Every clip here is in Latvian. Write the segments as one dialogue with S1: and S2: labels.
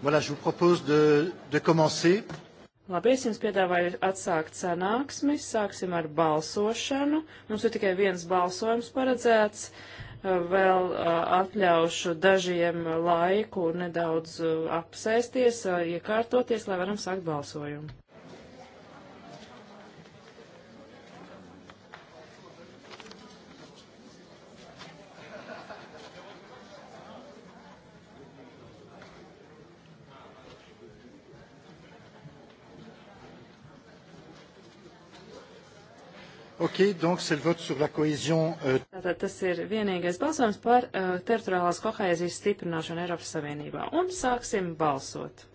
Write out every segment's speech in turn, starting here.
S1: Voilà, je vous propose de, de commencer.
S2: Labi, es jums piedāvāju atsākt sanāksmi. Sāksim ar balsošanu. Mums ir tikai viens balsojums paredzēts. Uh, vēl uh, atļaušu dažiem laiku nedaudz uh, apsēsties, iekārtoties, lai varam sākt balsojumu.
S1: bloqué, donc c'est le vote sur la cohésion. Euh...
S2: Tātad tas ir vienīgais balsojums par uh, teritoriālās kohēzijas stiprināšanu Eiropas Savienībā. Un sāksim balsot.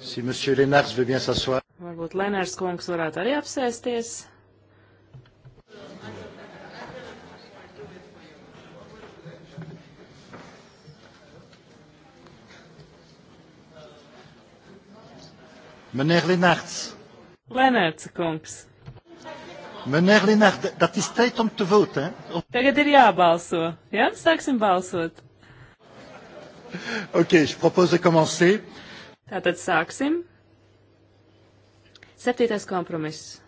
S1: Si monsieur Lenārs veut bien s'asseoir.
S2: Varbūt Lenārs kungs varētu arī apsēsties.
S1: Meneer Lenārts. Lenērts kungs. Mēnēr Linārd, dat is tijd om te voten.
S2: Tagad ir jābalso. Jā, sāksim balsot.
S1: Ok, je propose de commencer.
S2: Tātad sāksim. Septītais kompromiss.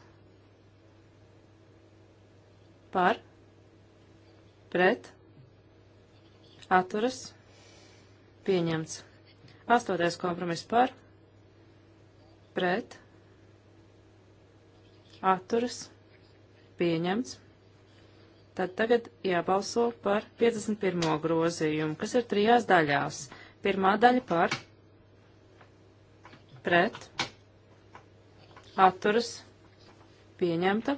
S2: Par. Pret. Atturas. Pieņemts. Astotais kompromiss par. Pret atturas pieņemts. Tad tagad jābalso par 51. grozījumu, kas ir trijās daļās. Pirmā daļa par pret atturas pieņemta.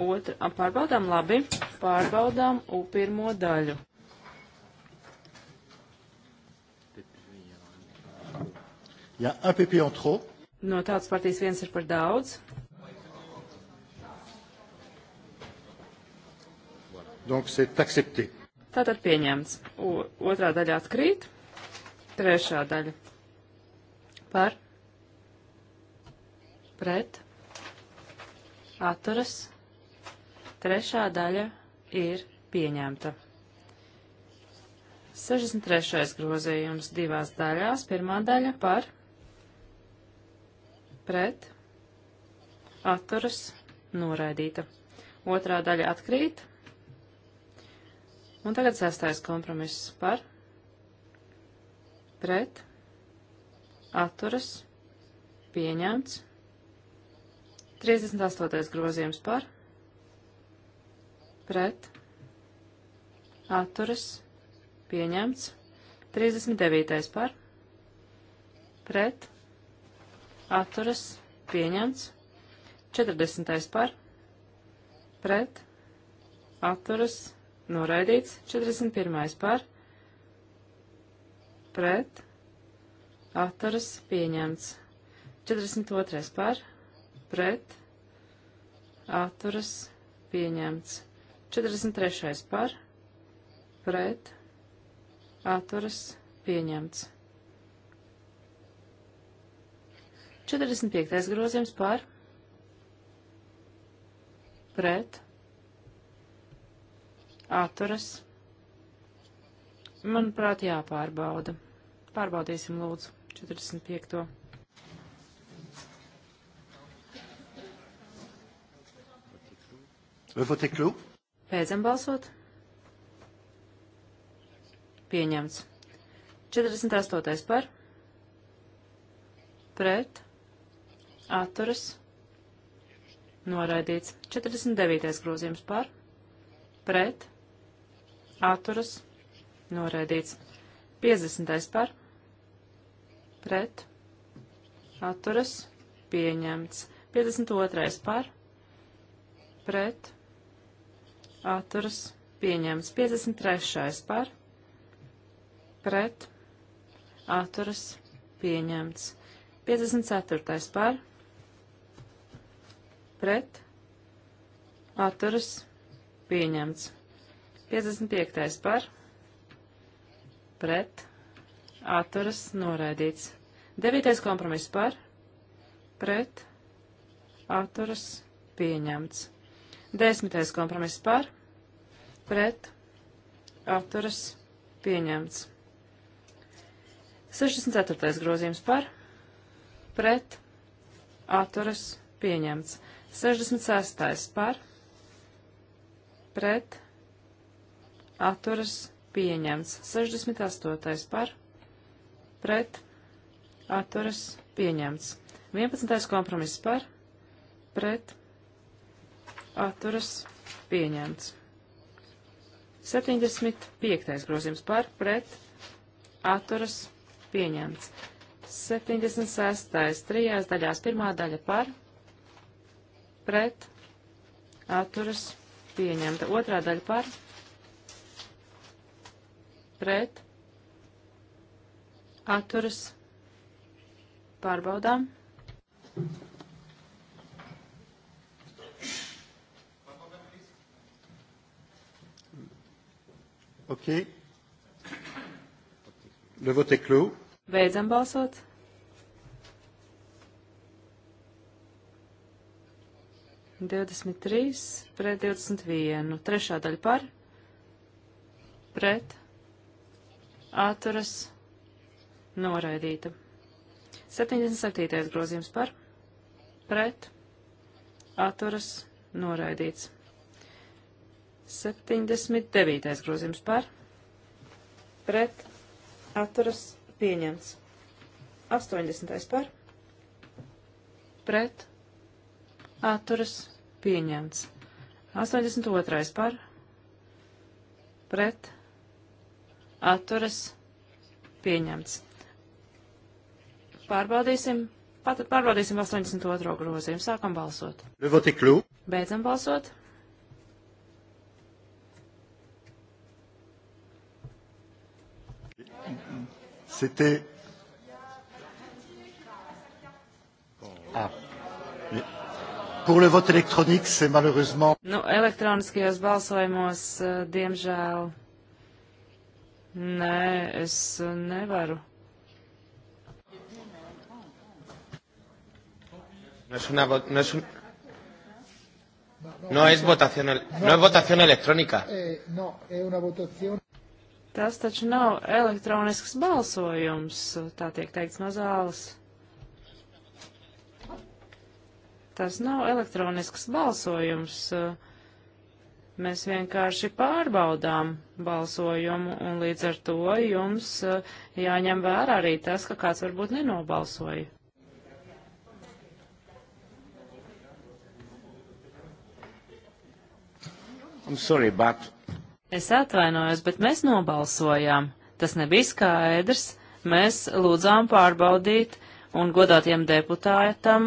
S2: Otra, pārbaudām labi, pārbaudām U pirmo daļu.
S1: Ja, un PP en trop.
S2: No tāds partijas viens ir par daudz.
S1: Donc c'est accepté.
S2: Tātad pieņemts. O, otrā daļa atkrīt. Trešā daļa. Par. Pret. Atturas. Trešā daļa ir pieņemta. 63. grozījums divās daļās. Pirmā daļa par. Pret. Atturas. Noraidīta. Otrā daļa atkrīt. Un tagad sastais kompromiss par, pret, atturas, pieņemts. 38. grozījums par, pret, atturas, pieņemts. 39. par, pret, atturas, pieņemts. 40. par, pret, atturas, pieņemts noraidīts, 41. par, pret, atturas pieņemts, 42. par, pret, atturas pieņemts, 43. par, pret, atturas pieņemts. 45. grozījums par, pret, atturas. Manuprāt, jāpārbauda. Pārbaudīsim lūdzu 45. Pēdzam balsot. Pieņemts. 48. par. Pret. Atturas. Noraidīts. 49. grozījums par. Pret atturas, noraidīts. 50. par, pret, atturas, pieņemts. 52. par, pret, atturas, pieņemts. 53. par, pret, atturas, pieņemts. 54. par, pret, atturas, pieņemts. 55. par, pret, atturas, noraidīts. 9. kompromiss par, pret, atturas, pieņemts. 10. kompromiss par, pret, atturas, pieņemts. 64. grozījums par, pret, atturas, pieņemts. 66. par, pret, atturas, pieņemts atturas pieņemts. 68. par pret atturas pieņemts. 11. kompromiss par pret atturas pieņemts. 75. grozījums par pret atturas pieņemts. 76. trijās daļās pirmā daļa par pret atturas pieņemta. Otrā daļa par pret pret, atturas, pārbaudām.
S1: Ok. Le vote est clos.
S2: Beidzam balsot. Divdesmit trīs pret divdesmit vienu. Trešā daļa par. Pret atturas noraidīta. 77. grozījums par pret atturas noraidīts. 79. grozījums par pret atturas pieņemts. 80. par pret atturas pieņemts. 82. par pret atturas pieņemts. Pārbaudīsim, pat, pārbaudīsim 82. grozījumu. Sākam balsot. Beidzam balsot.
S1: C'était. Ah. Pour le vote électronique, c'est malheureusement.
S2: Nu, elektroniskajos balsojumos, eh, diemžēl, Nē, es nevaru.
S3: No es una,
S4: no es un, no es votación, no
S2: es votación electrónica. Eh, no, es una votación. Tas taču nav elektronisks balsojums, tā tiek teikts no zāles. Tas nav elektronisks balsojums. Uh, Mēs vienkārši pārbaudām balsojumu, un līdz ar to jums eh, jāņem vērā arī tas, ka kāds varbūt nenobalsoja.
S1: I'm sorry, but...
S2: Es atvainojos, bet mēs nobalsojām. Tas nebija skaidrs. Mēs lūdzām pārbaudīt uh, un godātiem deputātam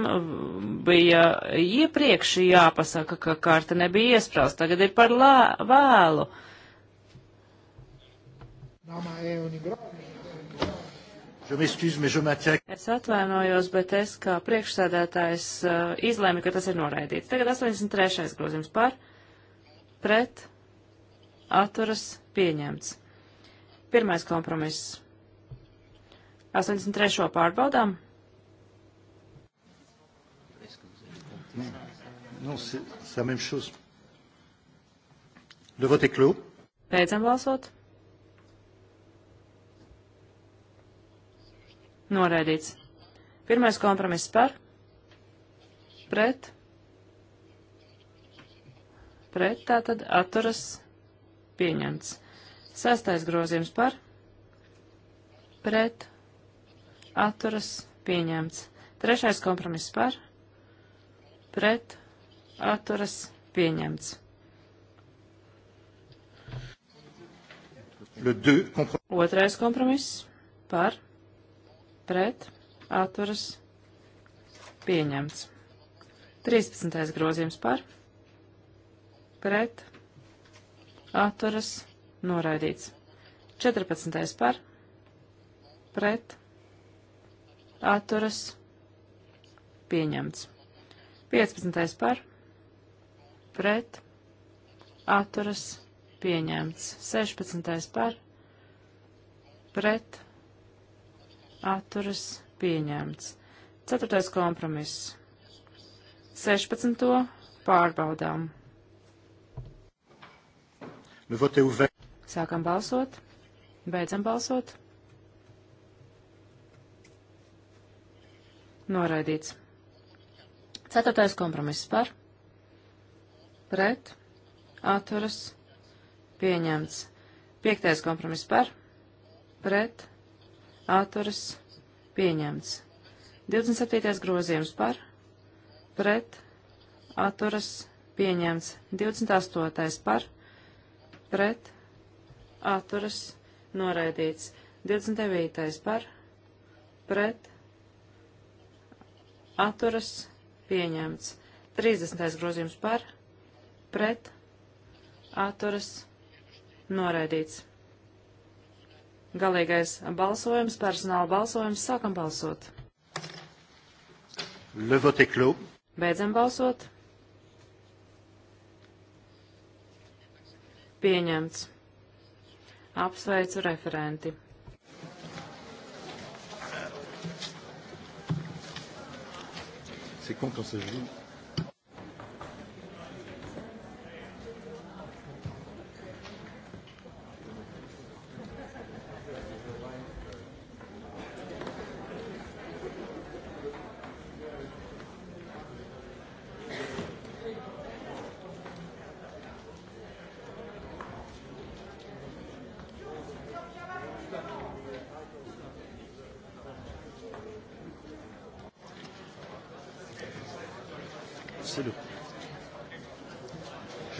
S2: bija iepriekš jāpasaka, ka karta nebija iesprāsta. Tagad ir par lā, vēlu.
S1: Es
S2: atvainojos, bet es kā priekšsēdētājs uh, izlēmu, ka tas ir noraidīts. Tagad 83. grozījums par, pret, atturas, pieņemts. Pirmais kompromiss. 83. pārbaudām. Non, c'est
S1: la même chose. Le vote est clos.
S2: Beidzam balsot. Noraidīts. Pirmais kompromiss par. Pret. Pret tātad atturas pieņemts. Sestais grozījums par. Pret. Atturas pieņemts. Trešais kompromiss par. Pret atturas pieņemts. Otrais kompromiss par pret atturas pieņemts. 13. grozījums par pret atturas noraidīts. 14. par pret atturas pieņemts. 15. par pret pret, atturas, pieņemts. 16. par, pret, atturas, pieņemts. 4. kompromiss. 16. pārbaudām. Sākam balsot, beidzam balsot. Noraidīts. Ceturtais kompromiss par pret, atturas, pieņemts. Piektais kompromiss par, pret, atturas, pieņemts. 27. grozījums par, pret, atturas, pieņemts. 28. par, pret, atturas, noraidīts. 29. par, pret, atturas, pieņemts. 30. grozījums par, pret, pret atturas noraidīts. Galīgais balsojums, personāla balsojums, sākam balsot.
S1: Le vote clos.
S2: Beidzam balsot. Pieņemts. Apsveicu referenti.
S1: C'est con quand ça joue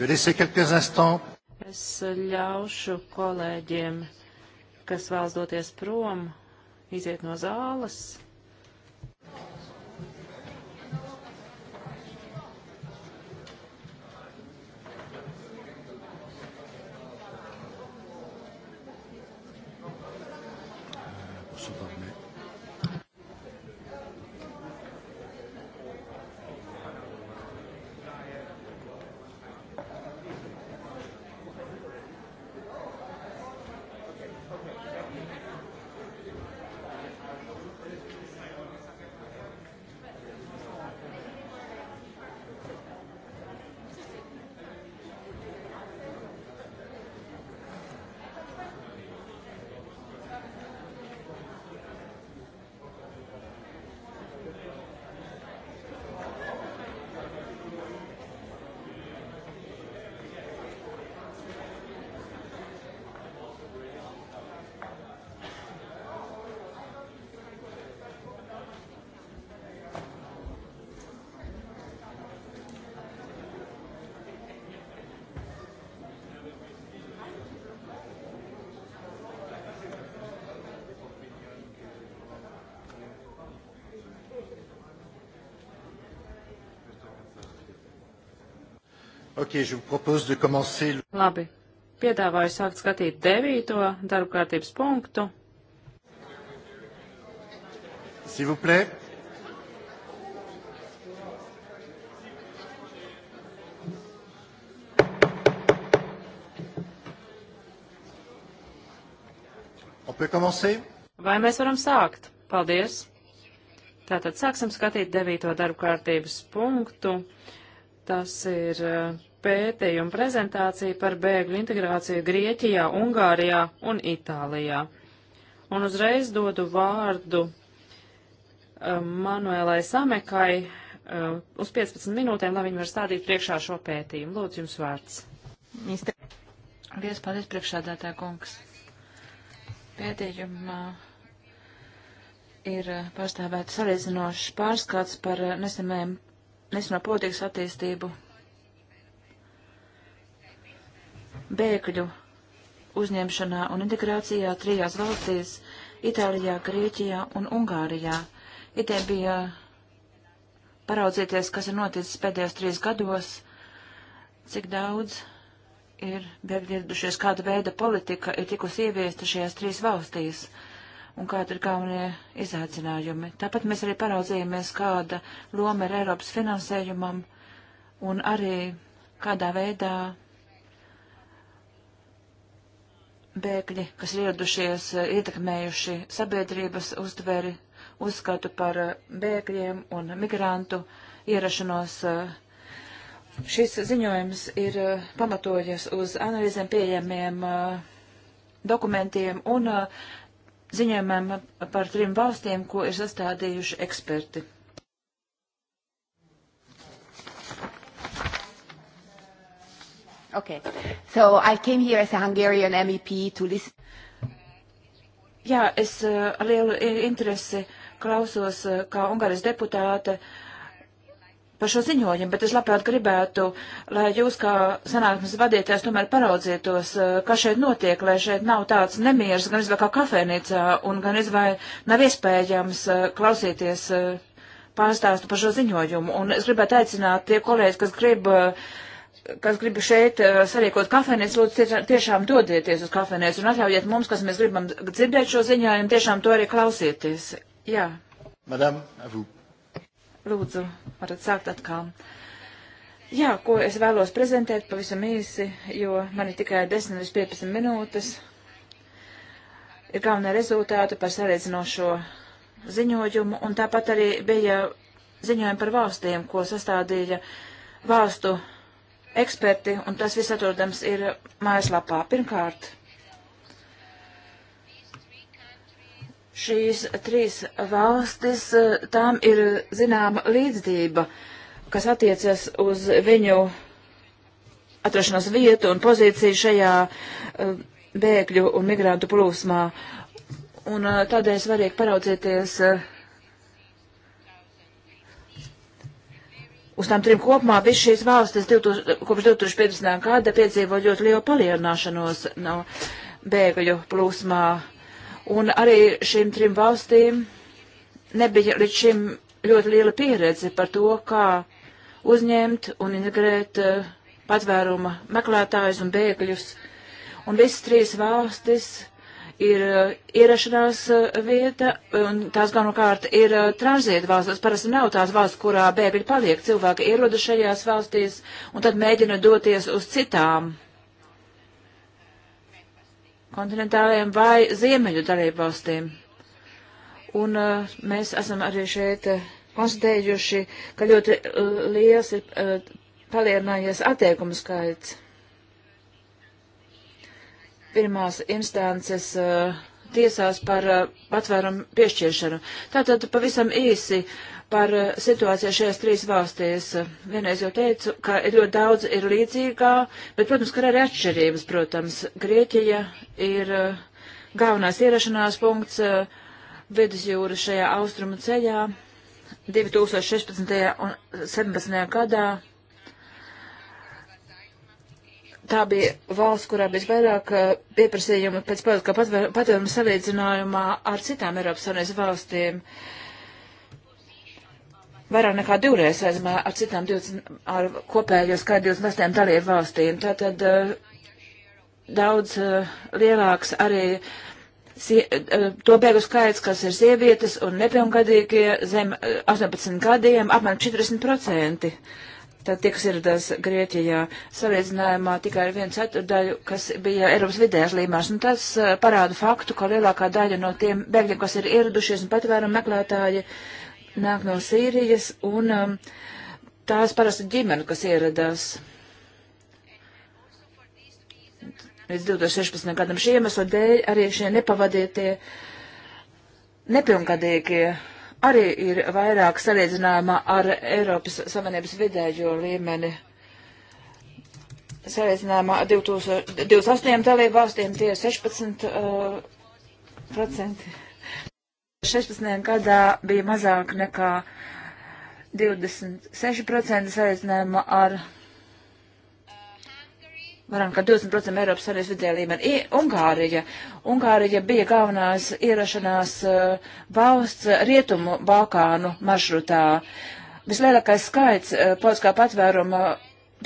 S1: Es
S2: ļaušu kolēģiem, kas vēlas doties prom, iziet no zāles.
S1: Okay, commencer...
S2: Labi, piedāvāju sākt skatīt devīto darba kārtības punktu.
S1: S'il vous plaît. On peut commencer?
S2: Vai mēs varam sākt? Paldies. Tātad sāksim skatīt devīto darba kārtības punktu. Tas ir uh, pētījumu prezentāciju par bēgļu integrāciju Grieķijā, Ungārijā un Itālijā. Un uzreiz dodu vārdu um, Manuēlai Samekai um, uz 15 minūtēm, lai viņi var stādīt priekšā šo pētījumu. Lūdzu, jums vārds.
S4: Lies paldies priekšādātā kungs. Pētījumā ir uh, pastāvēt salīdzinošs pārskats par uh, nesamēm nesino politikas attīstību bēgļu uzņemšanā un integrācijā trijās valstīs - Itālijā, Grieķijā un Ungārijā. Ideja bija paraudzīties, kas ir noticis pēdējos trīs gados, cik daudz ir bēgļi ieradušies, kāda veida politika ir tikusi ieviesta šajās trīs valstīs un kādi ir galvenie izaicinājumi. Tāpat mēs arī paraudzījāmies, kāda loma ir Eiropas finansējumam un arī kādā veidā bēgļi, kas ir ieradušies, eh, ietekmējuši sabiedrības uztveri, uzskatu par eh, bēgļiem un migrantu ierašanos. Eh. Šis ziņojums ir pamatojies uz analīzēm pieejamiem dokumentiem un ziņojumiem par trim valstīm, ko ir sastādījuši eksperti. Okay. So I came here as a Hungarian MEP to listen. Jā, es eh, ar uh, lielu interesi klausos uh, kā Ungāras deputāte par šo ziņojumu, bet es labprāt gribētu, lai jūs kā sanāksmes vadītājs tomēr paraudzietos, uh, eh, kas šeit notiek, lai šeit nav tāds nemieris, gan izvēl kā kafēnīcā, un gan izvēl nav iespējams klausīties pārstāstu par šo ziņojumu. Un es gribētu aicināt tie kolēģi, kas grib uh, kas grib šeit eh, sarīkot kafēnēs, lūdzu, tiešām dodieties uz kafēnēs un atļaujiet mums, kas mēs gribam dzirdēt šo ziņojumu, tiešām to arī klausieties. Jā.
S1: Madam, avu.
S4: Lūdzu, varat sākt atkal. Jā, ko es vēlos prezentēt pavisam īsi, jo man ir tikai 10 līdz 15 minūtes. Ir galvenie rezultāti par sarēdzinošo ziņojumu, un tāpat arī bija ziņojumi par valstīm, ko sastādīja valstu eksperti, un tas viss atrodams ir mājaslapā. Pirmkārt, šīs trīs valstis, eh, tām ir zināma līdzdība, kas attiecas uz viņu atrašanos vietu un pozīciju šajā eh, bēgļu un migrantu plūsmā. Un eh, tādēļ svarīgi paraudzīties uh, uz tām trim kopumā visas šīs valstis 2000, kopš 2015. gada piedzīvo ļoti lielu palielināšanos no bēgļu plūsmā. Un arī šīm trim valstīm nebija līdz šim ļoti liela pieredze par to, kā uzņemt un integrēt uh, patvēruma meklētājus un bēgļus. Un visas trīs valstis ir eh, ierašanās eh, vieta, un tās galvenokārt ir eh, tranzīta valsts. Tas parasti nav tās valsts, kurā bēgļi paliek. Cilvēki ierodas šajās valstīs un tad mēģina doties uz citām kontinentālajiem vai ziemeļu dalību valstīm. Un uh, mēs esam arī šeit uh, konstatējuši, ka ļoti uh, liels ir uh, palielinājies attiekumu skaits pirmās instances uh, tiesās par uh, patvērumu piešķiršanu. Tātad pavisam īsi par uh, situāciju šajās trīs valstīs. Vienreiz jau teicu, ka ir ļoti daudz ir līdzīgā, bet, protams, ka ir arī atšķirības, protams. Grieķija ir galvenās ierašanās punkts vidusjūras šajā austrumu ceļā 2016. un 2017. gadā tā bija valsts, kurā bija vairāk eh, pieprasījumu pēc politiskā patvēruma salīdzinājumā ar citām Eiropas Savienības valstīm. Vairāk nekā divreiz aizmē ar citām 20, ar kopējo skaitu 28 dalību valstīm. Tātad eh, daudz eh, lielāks arī sie, to bēgu skaits, kas ir sievietes un nepilngadīgie zem 18 gadiem, apmēram 40%. Tad tie, kas ieradās Grieķijā, salīdzinājumā tikai ar vienu ceturdaļu, kas bija Eiropas vidējās līmēs. Un tas uh, parāda faktu, ka lielākā daļa no tiem bēgļiem, kas ir ieradušies un patvērumu meklētāji, nāk no Sīrijas, un um, tās parasti ģimene, kas ieradās līdz 2016. gadam. Šī iemesla dēļ arī šie nepavadītie nepilngadīgie arī ir vairāk salīdzinājumā ar Eiropas Savienības vidējo līmeni. Salīdzinājumā 28 dalību valstīm tie 16 uh, procenti. 16. gadā bija mazāk nekā 26% salīdzinājumā ar Eiropas varam, ka 20% Eiropas Savienības vidēja līmeni. Ungārija. Ungārija bija galvenās ierašanās uh, valsts rietumu Balkānu maršrutā. Vislielākais skaits uh, politiskā patvēruma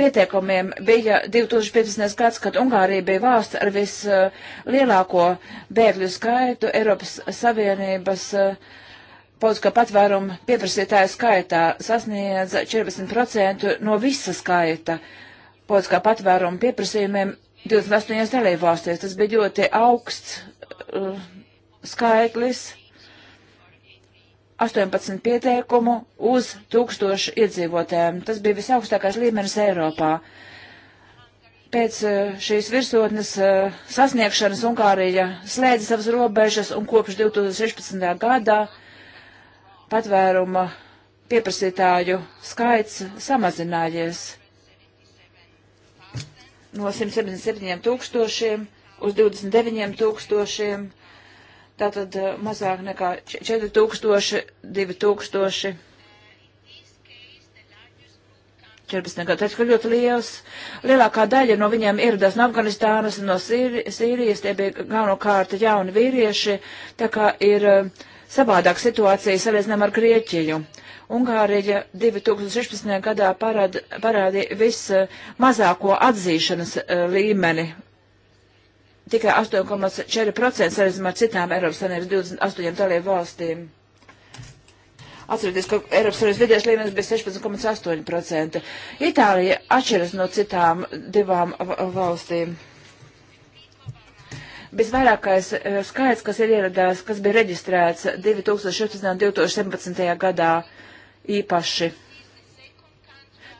S4: pieteikumiem bija 2015. gads, kad Ungārija bija valsts ar vislielāko uh, bēgļu skaitu Eiropas Savienības eh, politiskā patvēruma pieprasītāju skaitā sasniedz 14% no visa skaita. Uh, politiskā patvēruma pieprasījumiem 28 dalībvalstīs. Tas bija ļoti augsts uh, skaitlis. 18 pieteikumu uz tūkstošu iedzīvotājiem. Tas bija visaugstākais līmenis Eiropā. Pēc uh, šīs virsotnes uh, sasniegšanas Ungārija slēdza savas robežas un kopš 2016. gadā patvēruma pieprasītāju skaits samazinājies no 177 tūkstošiem uz 29 tūkstošiem, tātad eh, mazāk nekā 4 tūkstoši, 2 tūkstoši. 14 gadu, tas ir ļoti liels. Lielākā daļa no viņiem ieradās no Afganistānas un no Sīrijas, tie bija galvenokārt jauni vīrieši, tā kā ir uh, savādāk situācija salīdzinām ar Grieķiju. Ungārija 2016. gadā parād, parādīja vismazāko atzīšanas uh, līmeni. Tikai 8,4% salīdzinām ar citām Eiropas Savienības 28 dalību valstīm. Atcerieties, ka Eiropas Savienības vidējais līmenis bija 16,8%. Itālija atšķiras no citām divām valstīm. Visvairākais eh, skaits, kas ir ieradās, kas bija reģistrēts 2016. un 2017. gadā īpaši.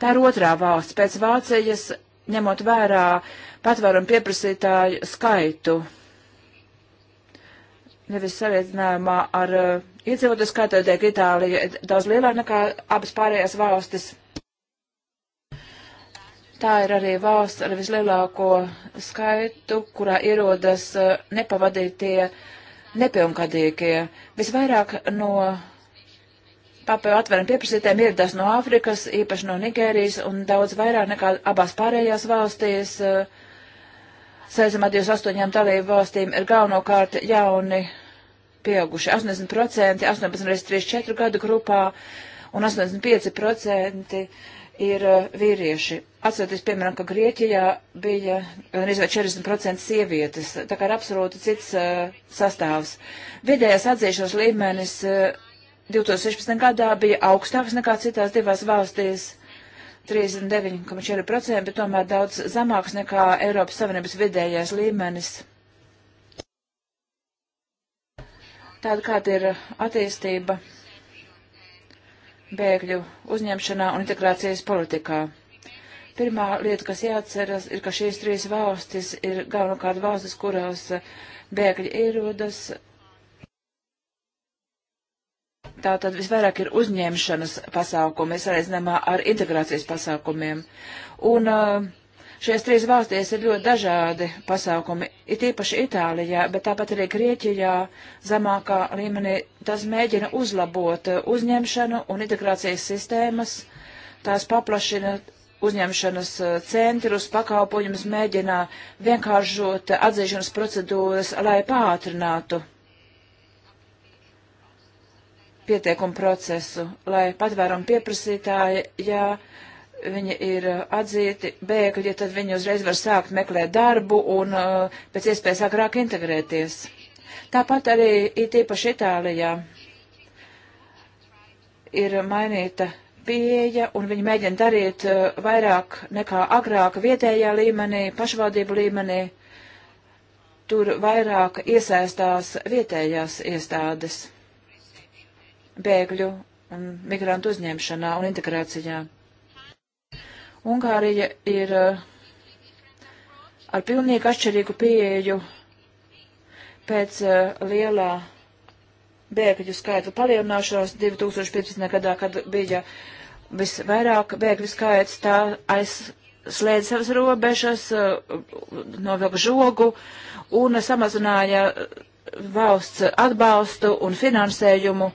S4: Tā ir otrā valsts pēc Vācijas, ņemot vērā patvērumu pieprasītāju skaitu. Nevis salīdzinājumā ar uh, iedzīvotāju skaitu, tiek Itālija daudz lielāka nekā abas pārējās valstis. Tā ir arī valsts ar vislielāko skaitu, kurā ierodas eh, nepavadītie nepilngadīgie. Visvairāk no papēju atvērumu pieprasītēm ieradās no Āfrikas, īpaši no Nigērijas un daudz vairāk nekā abās pārējās valstīs. Saistībā ar 28 dalību valstīm ir galvenokārt jauni pieauguši 80%, 18 līdz 34 gadu grupā un 85% ir eh, vīrieši. Atceroties, piemēram, ka Grieķijā bija gandrīz vai 40% sievietes, tā kā ir absolūti cits uh, sastāvs. Vidējais atzīšanas līmenis uh, eh, 2016. gadā bija augstāks nekā citās divās valstīs. 39,4%, bet tomēr daudz zemāks nekā Eiropas Savienības vidējais līmenis. Tāda kāda ir attīstība bēgļu uzņemšanā un integrācijas politikā. Pirmā lieta, kas jāatceras, ir, ka šīs trīs valstis ir galvenokārt valstis, kurās eh, bēgļi ierodas. Tātad visvairāk ir uzņemšanas pasākumi, salīdzinājumā ar integrācijas pasākumiem. Un uh, Šajās trīs valstīs ir ļoti dažādi pasākumi, it īpaši Itālijā, bet tāpat arī Grieķijā zemākā līmenī tas mēģina uzlabot uzņemšanu un integrācijas sistēmas, tās paplašina uzņemšanas uh, centrus, pakalpojumus, mēģina vienkāršot atzīšanas procedūras, lai pātrinātu pieteikumu procesu, lai patvērumu pieprasītāji, ja viņi ir uh, atzīti bēgļi, tad viņi uzreiz var sākt meklēt darbu un uh, pēc iespējas agrāk integrēties. Tāpat arī it īpaši Itālijā ir mainīta pieeja un viņi mēģina darīt uh, vairāk nekā agrāk vietējā līmenī, pašvaldību līmenī. Tur vairāk iesaistās vietējās iestādes bēgļu un migrantu uzņemšanā un integrācijā. Ungārija ir eh, ar pilnīgi atšķirīgu pieeju pēc eh, lielā bēgļu skaita palielināšanās 2015. gadā, kad bija visvairāk bēgļu skaits, tā aiz slēdz savas robežas, eh, novilka žogu un samazināja eh, valsts atbalstu un finansējumu.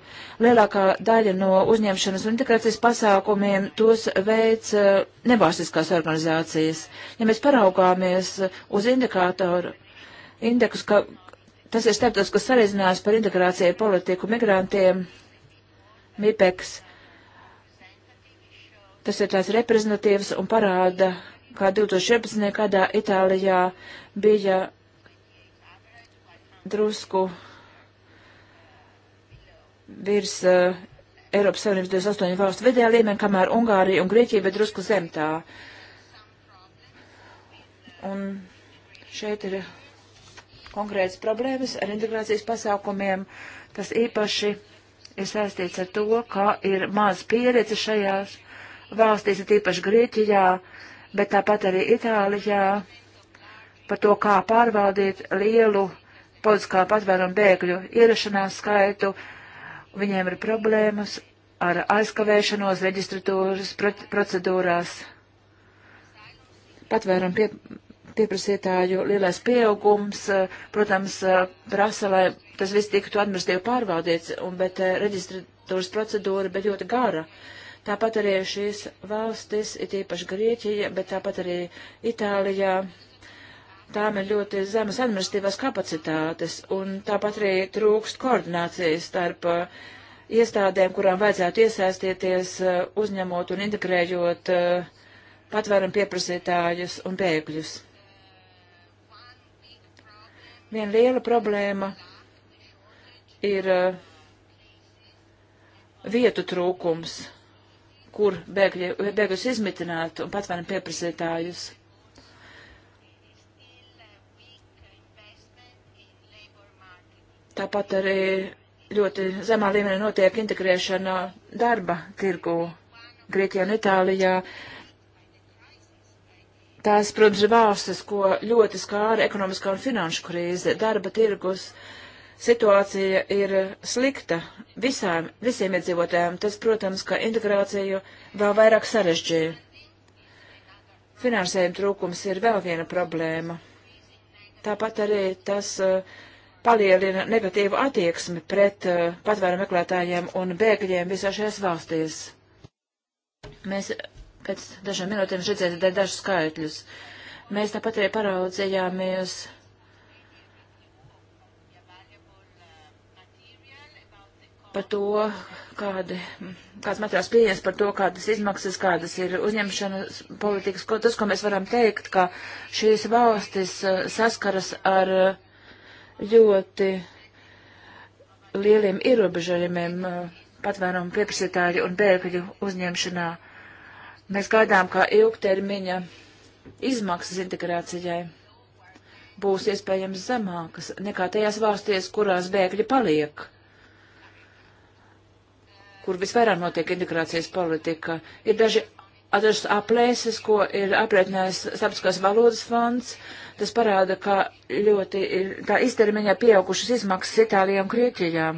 S4: Lielākā daļa no uzņemšanas un integrācijas pasākumiem tos veids eh, nevalstiskās organizācijas. Ja mēs paraugāmies uz indikātoru, indeksu, ka tas ir starptautiskas sareizinājums par integrāciju politiku migrantiem, MIPEKS, Tas ir tās reprezentatīvs un parāda, kā 2014. gadā Itālijā bija drusku virs uh, Eiropas Savienības 28 valstu vidējā līmenī, kamēr Ungārija un Grieķija bija drusku zem tā. Un šeit ir konkrētas problēmas ar integrācijas pasākumiem. Tas īpaši ir saistīts ar to, ka ir maz pieredze šajās valstīs, ir tīpaši Grieķijā, bet tāpat arī Itālijā, par to, kā pārvaldīt lielu politiskā patvērumu bēgļu ierašanās skaitu. Viņiem ir problēmas ar aizkavēšanos reģistratūras procedūrās. Patvērumu pie, pieprasītāju lielais pieaugums, protams, prasa, lai tas viss tiktu administratīvi pārvaldīts, un, bet eh, reģistratūras procedūra, bet ļoti gara. Uh, Tāpat arī šīs valstis, it īpaši Grieķija, bet tāpat arī Itālijā, tām ir ļoti zemas administratīvās kapacitātes, un tāpat arī trūkst koordinācijas starp uh, iestādēm, kurām vajadzētu iesaistīties, uh, uzņemot un integrējot uh, patvērumu pieprasītājus un bēgļus. Viena liela problēma ir uh, vietu trūkums kur bēgļi, bēgļus izmitināt un patvērumu pieprasītājus. Tāpat arī ļoti zemā līmenī notiek integrēšana darba tirgu Grieķijā un Itālijā. Tās, protams, ir valstis, ko ļoti skāra ekonomiskā un finanšu krīze. Darba tirgus uh, situācija ir slikta visām, visiem iedzīvotājiem, tas, protams, ka integrāciju vēl vairāk sarežģīja. Finansējuma trūkums ir vēl viena problēma. Tāpat arī tas uh, palielina negatīvu attieksmi pret uh, patvēru meklētājiem un bēgļiem visā šajās valstīs. Mēs pēc dažām minūtēm redzēsim dažus skaitļus. Mēs tāpat arī paraudzījāmies par to, kādi, kāds materiāls pieejams par to, kādas izmaksas, kādas ir uzņemšanas politikas. Ko, tas, ko mēs varam teikt, ka šīs valstis eh, saskaras ar eh, ļoti lieliem ierobežojumiem eh, patvērumu pieprasītāju un bēgļu uzņemšanā. Mēs gaidām, ka ilgtermiņa izmaksas integrācijai būs iespējams zemākas nekā tajās valstīs, kurās bēgļi paliek kur visvairāk notiek integrācijas politika. Ir daži dažas aplēses, ko ir aprēķinājis Sapskās valodas fonds. Tas parāda, ka ļoti ir tā iztermiņā pieaugušas izmaksas Itālijā un Grieķijā.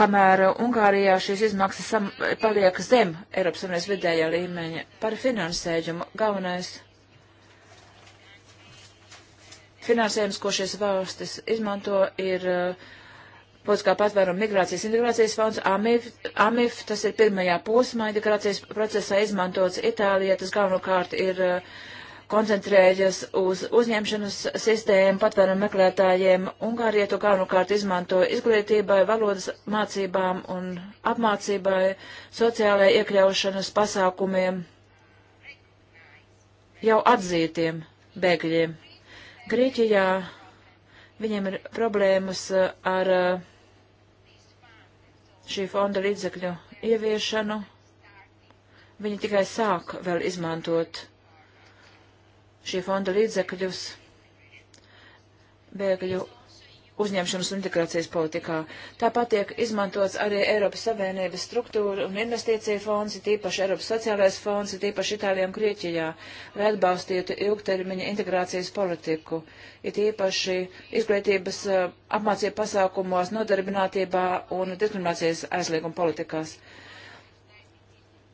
S4: Kamēr Ungārijā šīs izmaksas sam, paliek zem Eiropas Savienības vidējā līmeņa par finansējumu, galvenais finansējums, ko šīs valstis izmanto, ir uh, politiskā patvēruma migrācijas integrācijas fonds AMIF, AMIF, tas ir pirmajā posmā integrācijas procesā izmantots Itālijā, tas galvenokārt ir uh, koncentrējas uz uzņemšanas sistēmu patvērumu meklētājiem. Ungārija to galvenokārt izmanto izglītībai, valodas mācībām un apmācībai, sociālajai iekļaušanas pasākumiem, jau atzītiem bēgļiem. Grieķijā viņiem ir problēmas uh, ar uh, šī fonda līdzekļu ieviešanu. Viņi tikai sāk vēl izmantot šī fonda līdzekļus bēgļu uzņemšanas un integrācijas politikā. Tāpat tiek izmantots arī Eiropas Savienības struktūra un investīcija fonds, tīpaši Eiropas sociālais fonds, tīpaši Itālijā un Grieķijā, lai atbalstītu ilgtermiņa integrācijas politiku, it īpaši izglītības eh, apmācību pasākumos, nodarbinātībā un diskriminācijas aizlieguma politikās.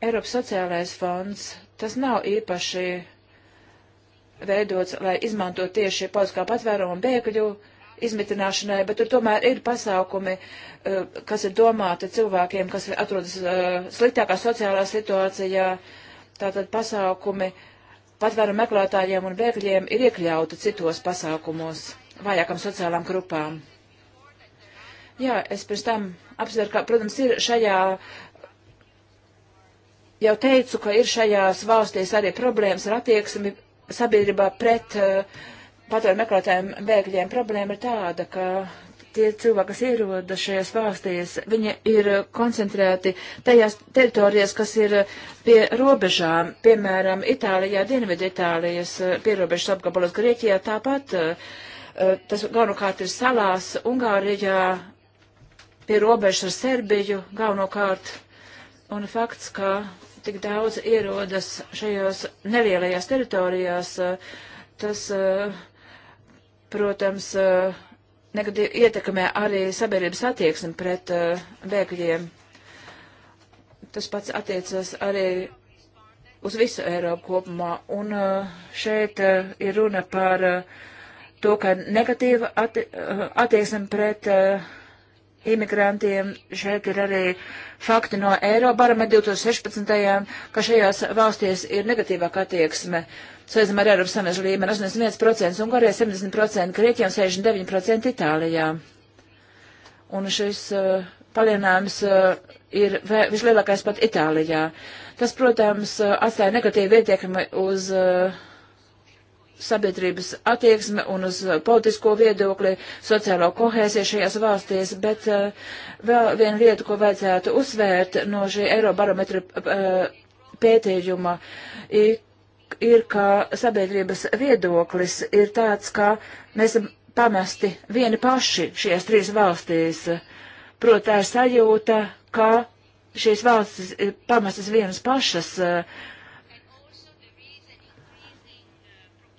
S4: Eiropas sociālais fonds, tas nav īpaši veidots, lai izmanto tieši politiskā patvērumu un bēgļu izmitināšanai, bet tur tomēr ir pasākumi, eh, kas ir domāti cilvēkiem, kas atrodas eh, sliktākā sociālā situācijā. Tātad pasākumi patvēru meklētājiem un bēgļiem ir iekļauti citos pasākumos vājākam sociālām grupām. Jā, es pirms tam apsveru, ka, protams, ir šajā jau teicu, ka ir šajās valstīs arī problēmas ar attieksmi sabiedrībā pret uh, patvēru meklētājiem bēgļiem problēma ir tāda, ka tie cilvēki, kas ierodas šajās valstīs, viņi ir koncentrēti tajās teritorijās, kas ir pie robežām, piemēram, Itālijā, Dienvidu Itālijas pierobežas apgabalos, Grieķijā tāpat, eh, tas galvenokārt ir salās, Ungārijā, pie robežas ar Serbiju galvenokārt, un fakts, ka tik daudz ierodas šajos nelielajās teritorijās, eh, tas uh, protams, eh, negatīvi ietekmē arī sabiedrības attieksmi pret eh, bēgļiem. Tas pats attiecas arī uz visu Eiropu kopumā. Un eh, šeit ir runa par to, ka negatīva atti attieksme pret bēgļiem imigrantiem. Šeit ir arī fakti no Eirobarama 2016. ka šajās valstīs ir negatīvāka attieksme. Saistībā ar Eiropas Savienības līmeni 81%, Ungārijā 70%, Grieķijā 69% Itālijā. Un šis uh, palielinājums uh, ir vislielākais pat Itālijā. Tas, protams, uh, atstāja negatīvu ietekmi uz uh, sabiedrības attieksme un uz politisko viedokli, sociālo kohēsiju šajās valstīs, bet uh, vēl viena lieta, ko vajadzētu uzsvērt no šī Eirobarometra uh, pētījuma, ir, ir, ka sabiedrības viedoklis ir tāds, ka mēs esam pamesti vieni paši šajās trīs valstīs. Protams, tā ir sajūta, ka šīs valstis ir pamestas vienas pašas. Uh,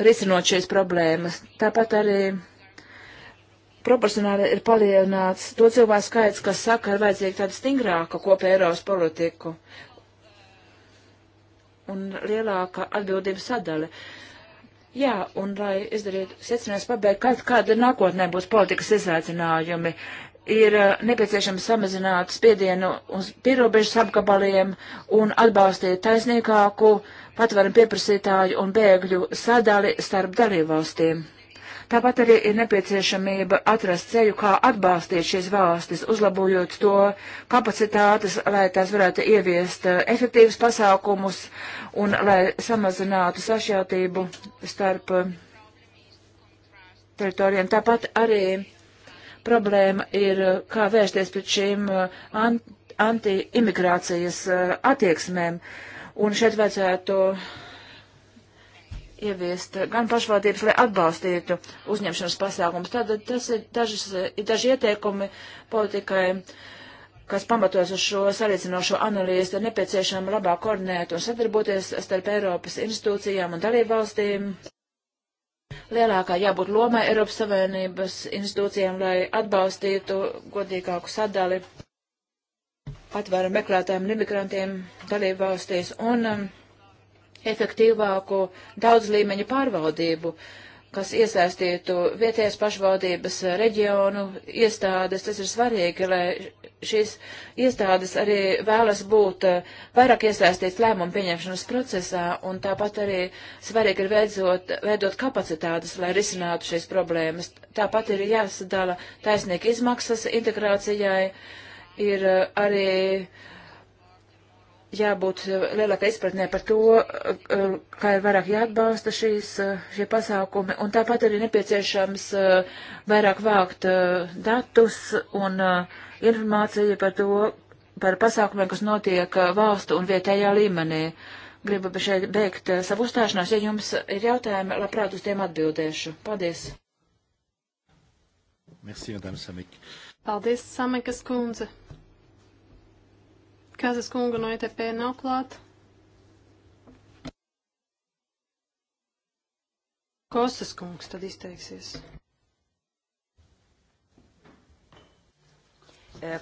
S4: risinot šīs problēmas. Tāpat arī proporcionāli ir palielināts to cilvēku skaits, kas saka, ir vajadzīga tāda stingrāka kopē Eiropas politiku un lielāka atbildības sadale. Jā, un lai izdarītu secinājums pabeigt, kāda, kāda nākotnē būs politikas izaicinājumi, ir uh, nepieciešams samazināt spiedienu uz pierobežas apgabaliem un atbalstīt taisnīgāku uh, patvērumu pieprasītāju un bēgļu sadali starp dalībvalstīm. Tāpat arī ir nepieciešamība atrast ceļu, kā atbalstīt šīs valstis, uzlabojot to kapacitātes, lai tās varētu ieviest eh, efektīvus pasākumus un lai samazinātu sašķeltību starp eh, teritorijām. Tāpat arī problēma ir, eh, kā vērsties pret šīm anti-imigrācijas attieksmēm. Uh, Un šeit vajadzētu ieviest gan pašvaldības, lai atbalstītu uzņemšanas pasākumus. Tātad tas ir dažas, ir daži ieteikumi politikai, kas pamatos uz šo sarīcinošo analīzi, ir nepieciešama labāk koordinēt un sadarboties starp Eiropas institūcijām un dalībvalstīm. Lielākā jābūt lomai Eiropas Savienības institūcijām, lai atbalstītu godīgāku sadali patvērumu meklētājiem un imigrantiem dalībvalstīs un um, efektīvāku daudz līmeņu pārvaldību, kas iesaistītu vietējās pašvaldības reģionu iestādes. Tas ir svarīgi, lai šīs iestādes arī vēlas būt uh, vairāk iesaistīts lēmumu pieņemšanas procesā, un tāpat arī svarīgi ir veidot, veidot kapacitātes, lai risinātu šīs problēmas. Tāpat ir jāsadala taisnīgi izmaksas integrācijai. Uh, ir eh, arī jābūt eh, lielākai izpratnē par to, eh, kā ir vairāk jāatbalsta šīs, šie pasākumi, un tāpat arī nepieciešams vairāk vākt datus un informāciju par to, par pasākumiem, kas notiek valstu un vietējā līmenī. Gribu šeit beigt savu uzstāšanos. Ja jums ir jautājumi, labprāt uz tiem atbildēšu. Paldies!
S1: Merci, Madame Samik. Uh,
S3: Paldies, Samekas kundze. Kazas kunga no ETP nav klāt. Kostas kungs tad izteiksies.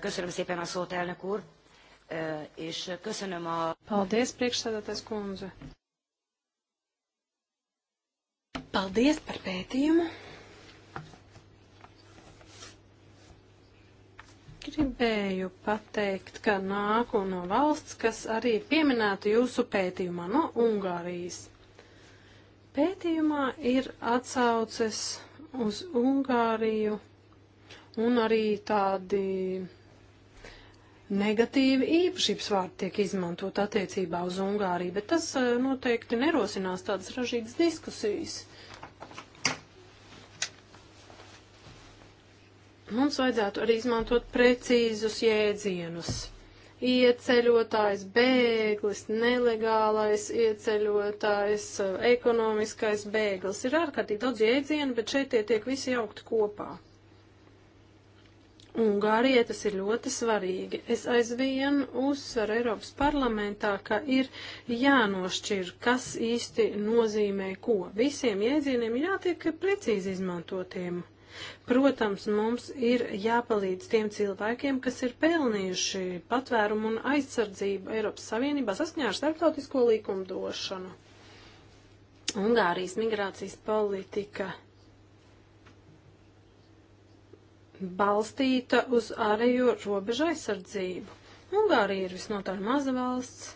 S4: Köszönöm szépen a szót, elnök úr, és köszönöm a... Paldies,
S3: priekšsēdētājs kundze. Paldies par pētījumu. gribēju pateikt, ka nāku no valsts, kas arī pieminēta jūsu pētījumā, no Ungārijas. Pētījumā ir atsauces uz Ungāriju un arī tādi negatīvi īpašības vārdi tiek izmantot attiecībā uz Ungāriju, bet tas eh, noteikti nerosinās tādas ražīgas diskusijas. Uh, Mums vajadzētu arī izmantot precīzus jēdzienus. Ieceļotājs, bēglis, nelegālais ieceļotājs, ekonomiskais bēglis. Ir ārkārtīgi daudz jēdzienu, bet šeit tie tiek visi jaukti kopā. Ungārijai tas ir ļoti svarīgi. Es aizvien uzsveru Eiropas parlamentā, ka ir jānošķir, kas īsti nozīmē ko. Visiem jēdzieniem jātiek precīzi izmantotiem. Protams, mums ir jāpalīdz tiem cilvēkiem, kas ir pelnījuši patvērumu un aizsardzību Eiropas Savienībā saskaņā ar starptautisko likumdošanu. Ungārijas migrācijas politika balstīta uz ārējo robežu aizsardzību. Ungārija ir visnotaļ maza valsts,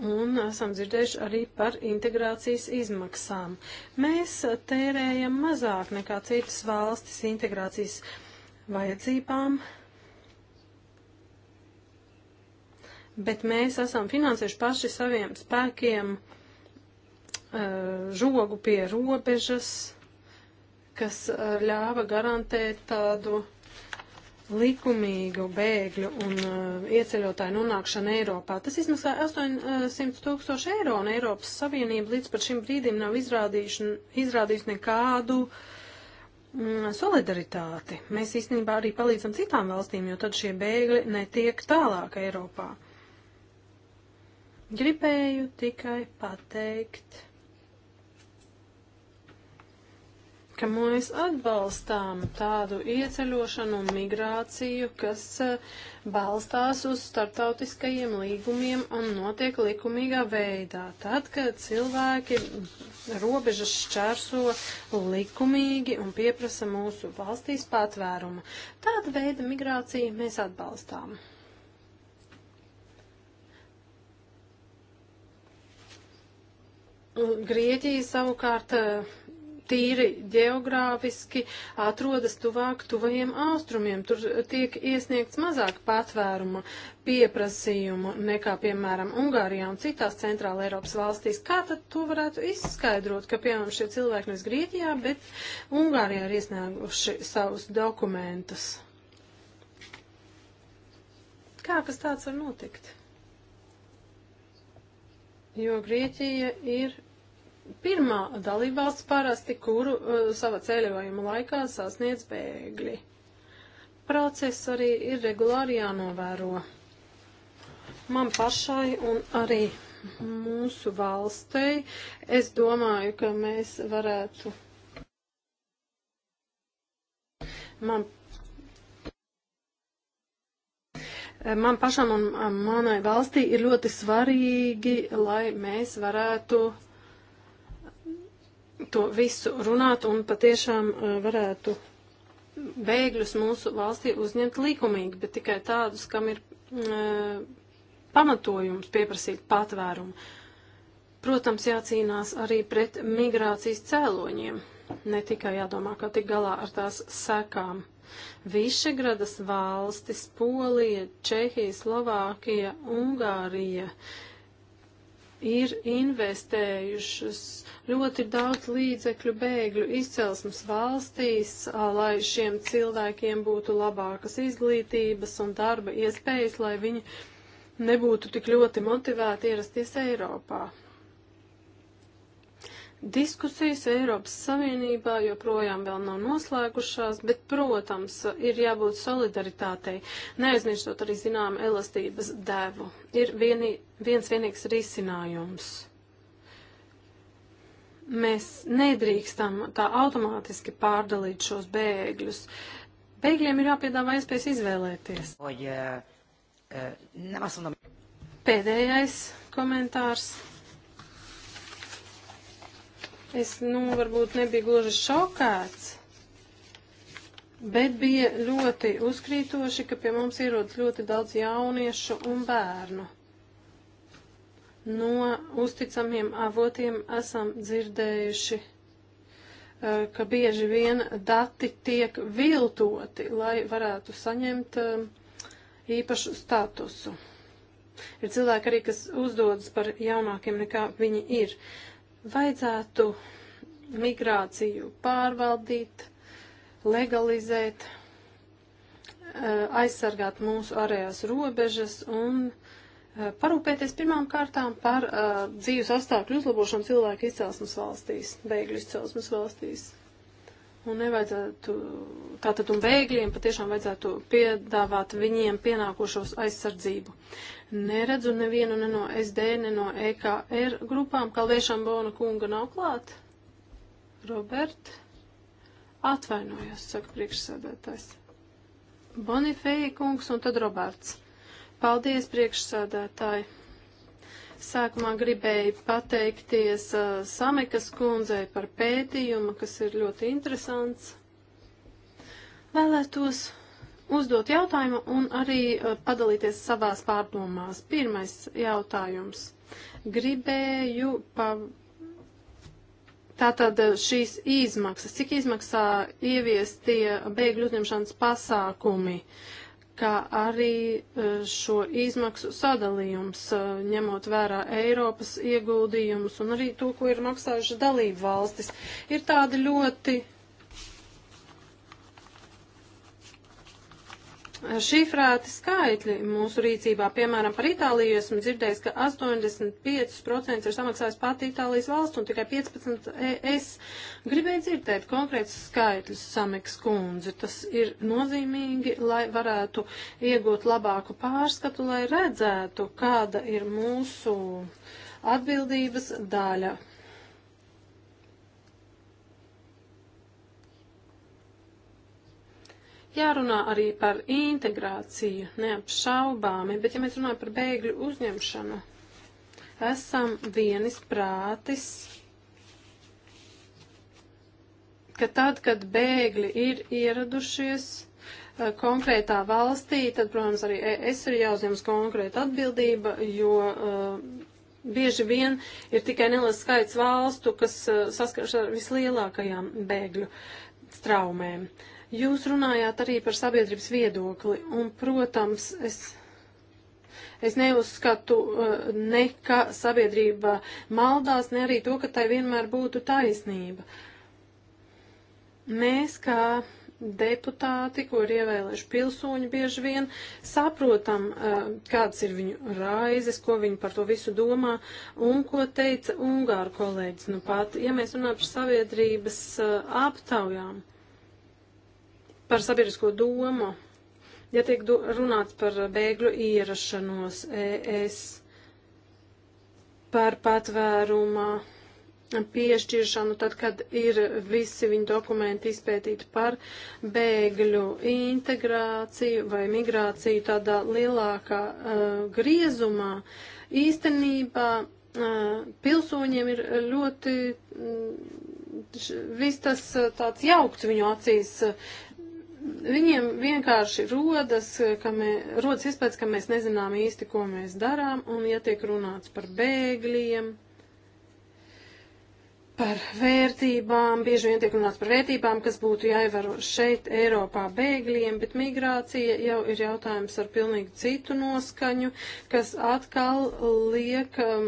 S3: Un esam dzirdējuši arī par integrācijas izmaksām. Mēs tērējam mazāk nekā citas valstis integrācijas vajadzībām, bet mēs esam finansējuši paši saviem spēkiem eh, žogu pie robežas, kas eh, ļāva garantēt tādu likumīgu bēgļu un uh, ieceļotāju nonākšanu Eiropā. Tas izmaksā uh, 800 uh, tūkstoši eiro, un Eiropas Savienība līdz pat šim brīdim nav izrādījusi nekādu mm, solidaritāti. Mēs īstenībā arī palīdzam citām valstīm, jo tad šie bēgļi netiek tālāk Eiropā. Gribēju tikai pateikt ka mēs atbalstām tādu ieceļošanu un migrāciju, kas eh, balstās uz startautiskajiem līgumiem un notiek likumīgā veidā. Tad, kad cilvēki robežas šķērso likumīgi un pieprasa mūsu valstīs patvērumu, tāda veida migrāciju mēs atbalstām. Grieķija savukārt eh, tīri geogrāfiski atrodas tuvāk tuvajiem austrumiem. Tur tiek iesniegts mazāk patvēruma pieprasījumu nekā, piemēram, Ungārijā un citās centrāla Eiropas valstīs. Kā tad to varētu izskaidrot, ka, piemēram, šie cilvēki nevis Grieķijā, bet Ungārijā ir iesnieguši savus dokumentus? Kā kas tāds var notikt? Jo Grieķija ir pirmā dalībvalsts parasti, kuru uh, sava ceļojuma laikā sasniedz bēgļi. Process arī ir regulāri jānovēro. Man pašai un arī mūsu valstei, es domāju, ka mēs varētu. Man man pašam un manai valstī ir ļoti svarīgi, lai mēs varētu to visu runāt un patiešām e, varētu bēgļus mūsu valstī uzņemt likumīgi, bet tikai tādus, kam ir m, e, pamatojums pieprasīt patvērumu. Protams, jācīnās arī pret migrācijas cēloņiem, ne tikai jādomā, kā tik galā ar tās sekām. Višegradas valstis, Polija, Čehija, Slovākija, Ungārija. Uh, ir investējušas ļoti daudz līdzekļu bēgļu izcelsmes valstīs, lai šiem cilvēkiem būtu labākas izglītības un darba iespējas, lai viņi nebūtu tik ļoti motivēti ierasties Eiropā. Diskusijas Eiropas Savienībā joprojām vēl nav noslēgušās, bet, protams, ir jābūt solidaritātei, neaizmirstot arī zinām elastības devu. Ir vienī, viens vienīgs risinājums. Mēs nedrīkstam tā automātiski pārdalīt šos bēgļus. Bēgļiem ir jāpiedāvā iespējas izvēlēties. Eh, Pēdējais komentārs. Es, nu, varbūt nebija gluži šokāts, bet bija ļoti uzkrītoši, ka pie mums ierodas ļoti daudz jauniešu un bērnu. No uzticamiem avotiem esam dzirdējuši eh, ka bieži vien dati tiek viltoti, lai varētu saņemt eh, īpašu statusu. Ir cilvēki arī, kas uzdodas par jaunākiem nekā viņi ir. Vajadzētu migrāciju pārvaldīt, legalizēt, eh, aizsargāt mūsu ārējās robežas un eh, parūpēties pirmām kārtām par uh, dzīves apstākļu uzlabošanu cilvēku izcelsmes valstīs, bēgļu izcelsmes valstīs. Un nevajadzētu tātad un bēgļiem patiešām vajadzētu piedāvāt viņiem pienākošos aizsardzību. Neredzu nevienu ne no SD, ne no EKR grupām, kā liešām Bona kunga nav klāt. Robert, atvainojos, saka priekšsēdētājs. Bonifēja kungs un tad Roberts. Paldies, priekšsādātāji! Sākumā gribēju pateikties uh, Samekas kundzei par pētījumu, kas ir ļoti interesants. Vēlētos uzdot jautājumu un arī eh, padalīties savās pārdomās. Pirmais jautājums. Gribēju pa... Tātad eh, šīs izmaksas, cik izmaksā ieviest tie bēgļu uzņemšanas pasākumi, kā arī eh, šo izmaksu sadalījums, ņemot vērā Eiropas ieguldījumus un arī to, ko ir maksājuši dalību valstis, ir tādi ļoti šifrēti skaitļi mūsu rīcībā. Piemēram, par Itāliju esmu dzirdējis, ka 85% ir samaksājis pati Itālijas valsts un tikai 15% es gribēju dzirdēt konkrētus skaitļus samiks kundzi. Tas ir nozīmīgi, lai varētu iegūt labāku pārskatu, lai redzētu, kāda ir mūsu atbildības daļa Jārunā arī par integrāciju, neapšaubāmi, bet ja mēs runājam par bēgļu uzņemšanu, esam vienis prātis, ka tad, kad bēgļi ir ieradušies, eh, konkrētā valstī, tad, protams, arī es ir jāuzņemas konkrēta atbildība, jo uh, bieži vien ir tikai neliels skaits valstu, kas uh, saskars ar vislielākajām bēgļu straumēm. Jūs runājāt arī par sabiedrības viedokli, un, protams, es. Es neuzskatu eh, ne, ka sabiedrība maldās, ne arī to, ka tai vienmēr būtu taisnība. Mēs, kā deputāti, ko ir ievēlējuši pilsoņi bieži vien, saprotam, eh, kādas ir viņu raizes, ko viņi par to visu domā, un ko teica Ungāru kolēģis. Nu pat, ja mēs runājam par sabiedrības eh, aptaujām, par sabiedrisko domu, ja tiek do, runāts par bēgļu ierašanos ES, par patvērumā piešķiršanu, tad, kad ir visi viņa dokumenti izpētīti par bēgļu integrāciju vai migrāciju tādā lielākā uh, griezumā, īstenībā uh, pilsoņiem ir ļoti. Uh, Viss tas uh, tāds jaukts viņu acīs, uh, viņiem vienkārši rodas, ka mē, rodas iespējas, ka mēs nezinām īsti, ko mēs darām, un ja tiek runāts par bēgļiem, par vērtībām, bieži vien tiek runāts par vērtībām, kas būtu jāievēro šeit Eiropā bēgļiem, bet migrācija jau ir jautājums ar pilnīgi citu noskaņu, kas atkal liek um,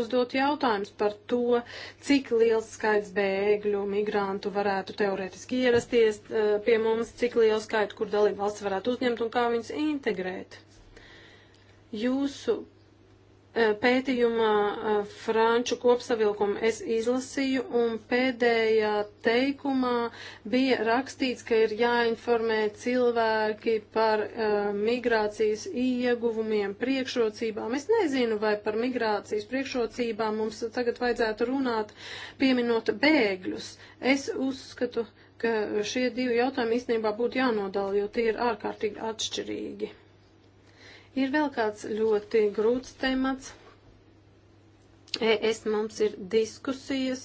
S3: uzdot jautājums par to, cik liels skaits bēgļu migrantu varētu teoretiski ierasties uh, pie mums, cik lielu skaitu, kur dalību valsts varētu uzņemt un kā viņus integrēt. Jūsu Eh, pētījuma eh, franču kopsavilkumu es izlasīju, un pēdējā teikumā bija rakstīts, ka ir jāinformē cilvēki par uh, migrācijas ieguvumiem, priekšrocībām. Es nezinu, vai par migrācijas priekšrocībām mums tagad vajadzētu runāt, pieminot bēgļus. Es uzskatu, ka šie divi jautājumi īstenībā būtu jānodala, jo tie ir ārkārtīgi atšķirīgi. Ir vēl kāds ļoti grūts temats. ES mums ir diskusijas.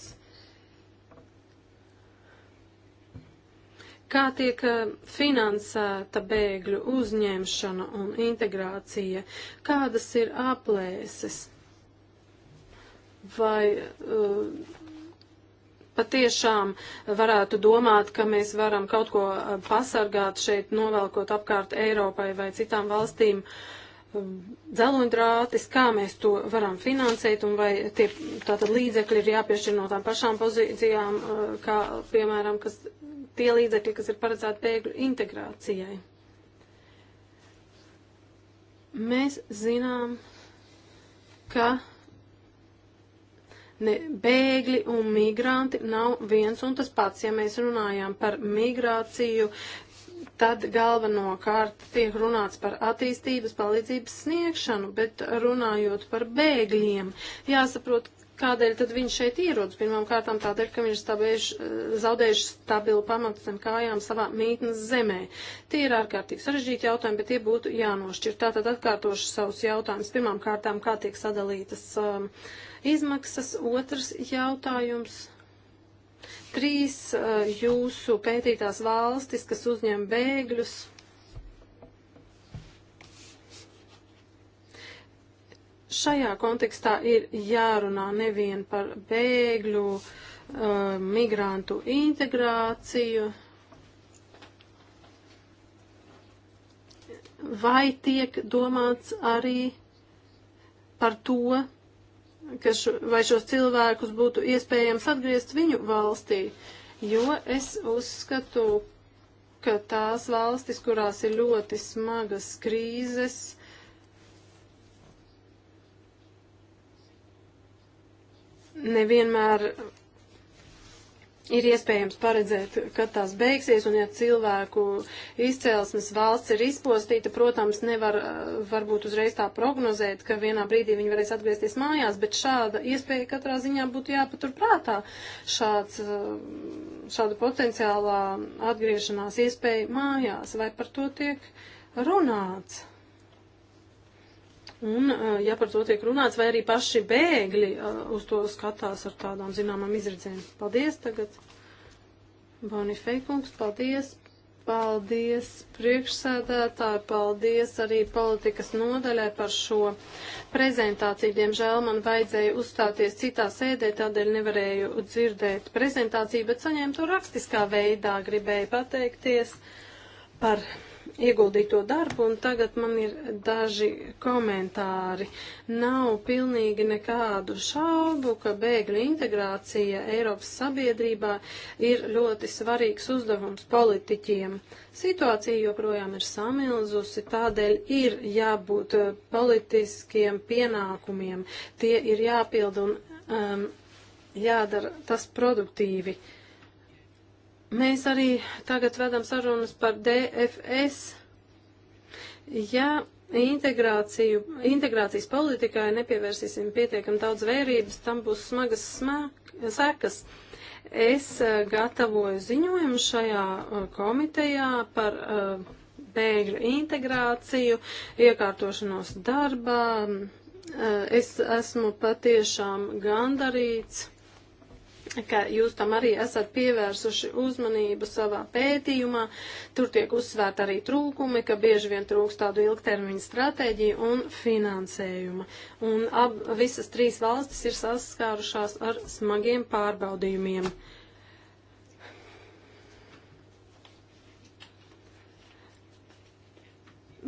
S3: Kā tiek eh, finansēta bēgļu uzņemšana un integrācija? Kādas ir aplēses? Vai uh, patiešām varētu domāt, ka mēs varam kaut ko eh, pasargāt šeit, novelkot apkārt Eiropai vai citām valstīm? Uh, Um, dzeloņdrātis, kā mēs to varam finansēt un vai tie tātad līdzekļi ir jāpiešķir no tām pašām pozīcijām, uh, kā piemēram, kas, tie līdzekļi, kas ir paredzēti bēgļu integrācijai. Mēs zinām, ka ne bēgļi un migranti nav viens un tas pats. Ja mēs runājām par migrāciju, tad galvenokārt tiek runāts par attīstības palīdzības sniegšanu, bet runājot par bēgļiem, jāsaprot, kādēļ tad viņš šeit ierodas. Pirmkārt, tādēļ, ka viņš stabējuši, eh, zaudējuši stabilu pamatu zem kājām savā mītnes zemē. Tie ir ārkārtīgi sarežģīti jautājumi, bet tie būtu jānošķir. Tātad atkārtošu savus jautājumus. Pirmām kārtām, kā tiek sadalītas um, izmaksas. Otrs jautājums Trīs uh, jūsu pētītās valstis, kas uzņem bēgļus, šajā kontekstā ir jārunā nevien par bēgļu, uh, migrantu integrāciju, vai tiek domāts arī par to, ka š, vai šos cilvēkus būtu iespējams atgriezt viņu valstī, jo es uzskatu, ka tās valstis, kurās ir ļoti smagas krīzes, nevienmēr ir iespējams paredzēt, kad tās beigsies, un ja cilvēku izcelsmes valsts ir izpostīta, protams, nevar eh, varbūt uzreiz tā prognozēt, ka vienā brīdī viņi varēs atgriezties mājās, bet šāda iespēja katrā ziņā būtu jāpatur prātā. Šāds, eh, šāda potenciālā atgriešanās iespēja mājās, vai par to tiek runāts? Un, ja par to tiek runāts, vai arī paši bēgļi uz to skatās ar tādām zināmām izredzēm. Paldies tagad. Bonifeikungs, paldies. Paldies priekšsēdētāji, paldies arī politikas nodaļai par šo prezentāciju. Diemžēl man vajadzēja uzstāties citā sēdē, tādēļ nevarēju dzirdēt prezentāciju, bet saņēmu to rakstiskā veidā. Gribēju pateikties par ieguldīto darbu, un tagad man ir daži komentāri. Nav pilnīgi nekādu šaubu, ka bēgļu integrācija Eiropas sabiedrībā ir ļoti svarīgs uzdevums politiķiem. Situācija joprojām ir samilzusi, tādēļ ir jābūt eh, politiskiem pienākumiem. Tie ir jāpilda un um, jādara tas produktīvi. Uh, Mēs arī tagad vedam sarunas par DFS. Ja integrācijas politikai nepievērsīsim pietiekam daudz vērības, tam būs smagas sekas. Es eh, gatavoju ziņojumu šajā eh, komitejā par eh, bēgļu integrāciju, iekārtošanos darbā. Es esmu patiešām gandarīts ka jūs tam arī esat pievērsuši uzmanību savā pētījumā. Tur tiek uzsvērt arī trūkumi, ka bieži vien trūks tādu ilgtermiņu stratēģiju un finansējuma. Un ab, visas trīs valstis ir saskārušās ar smagiem pārbaudījumiem. Uh,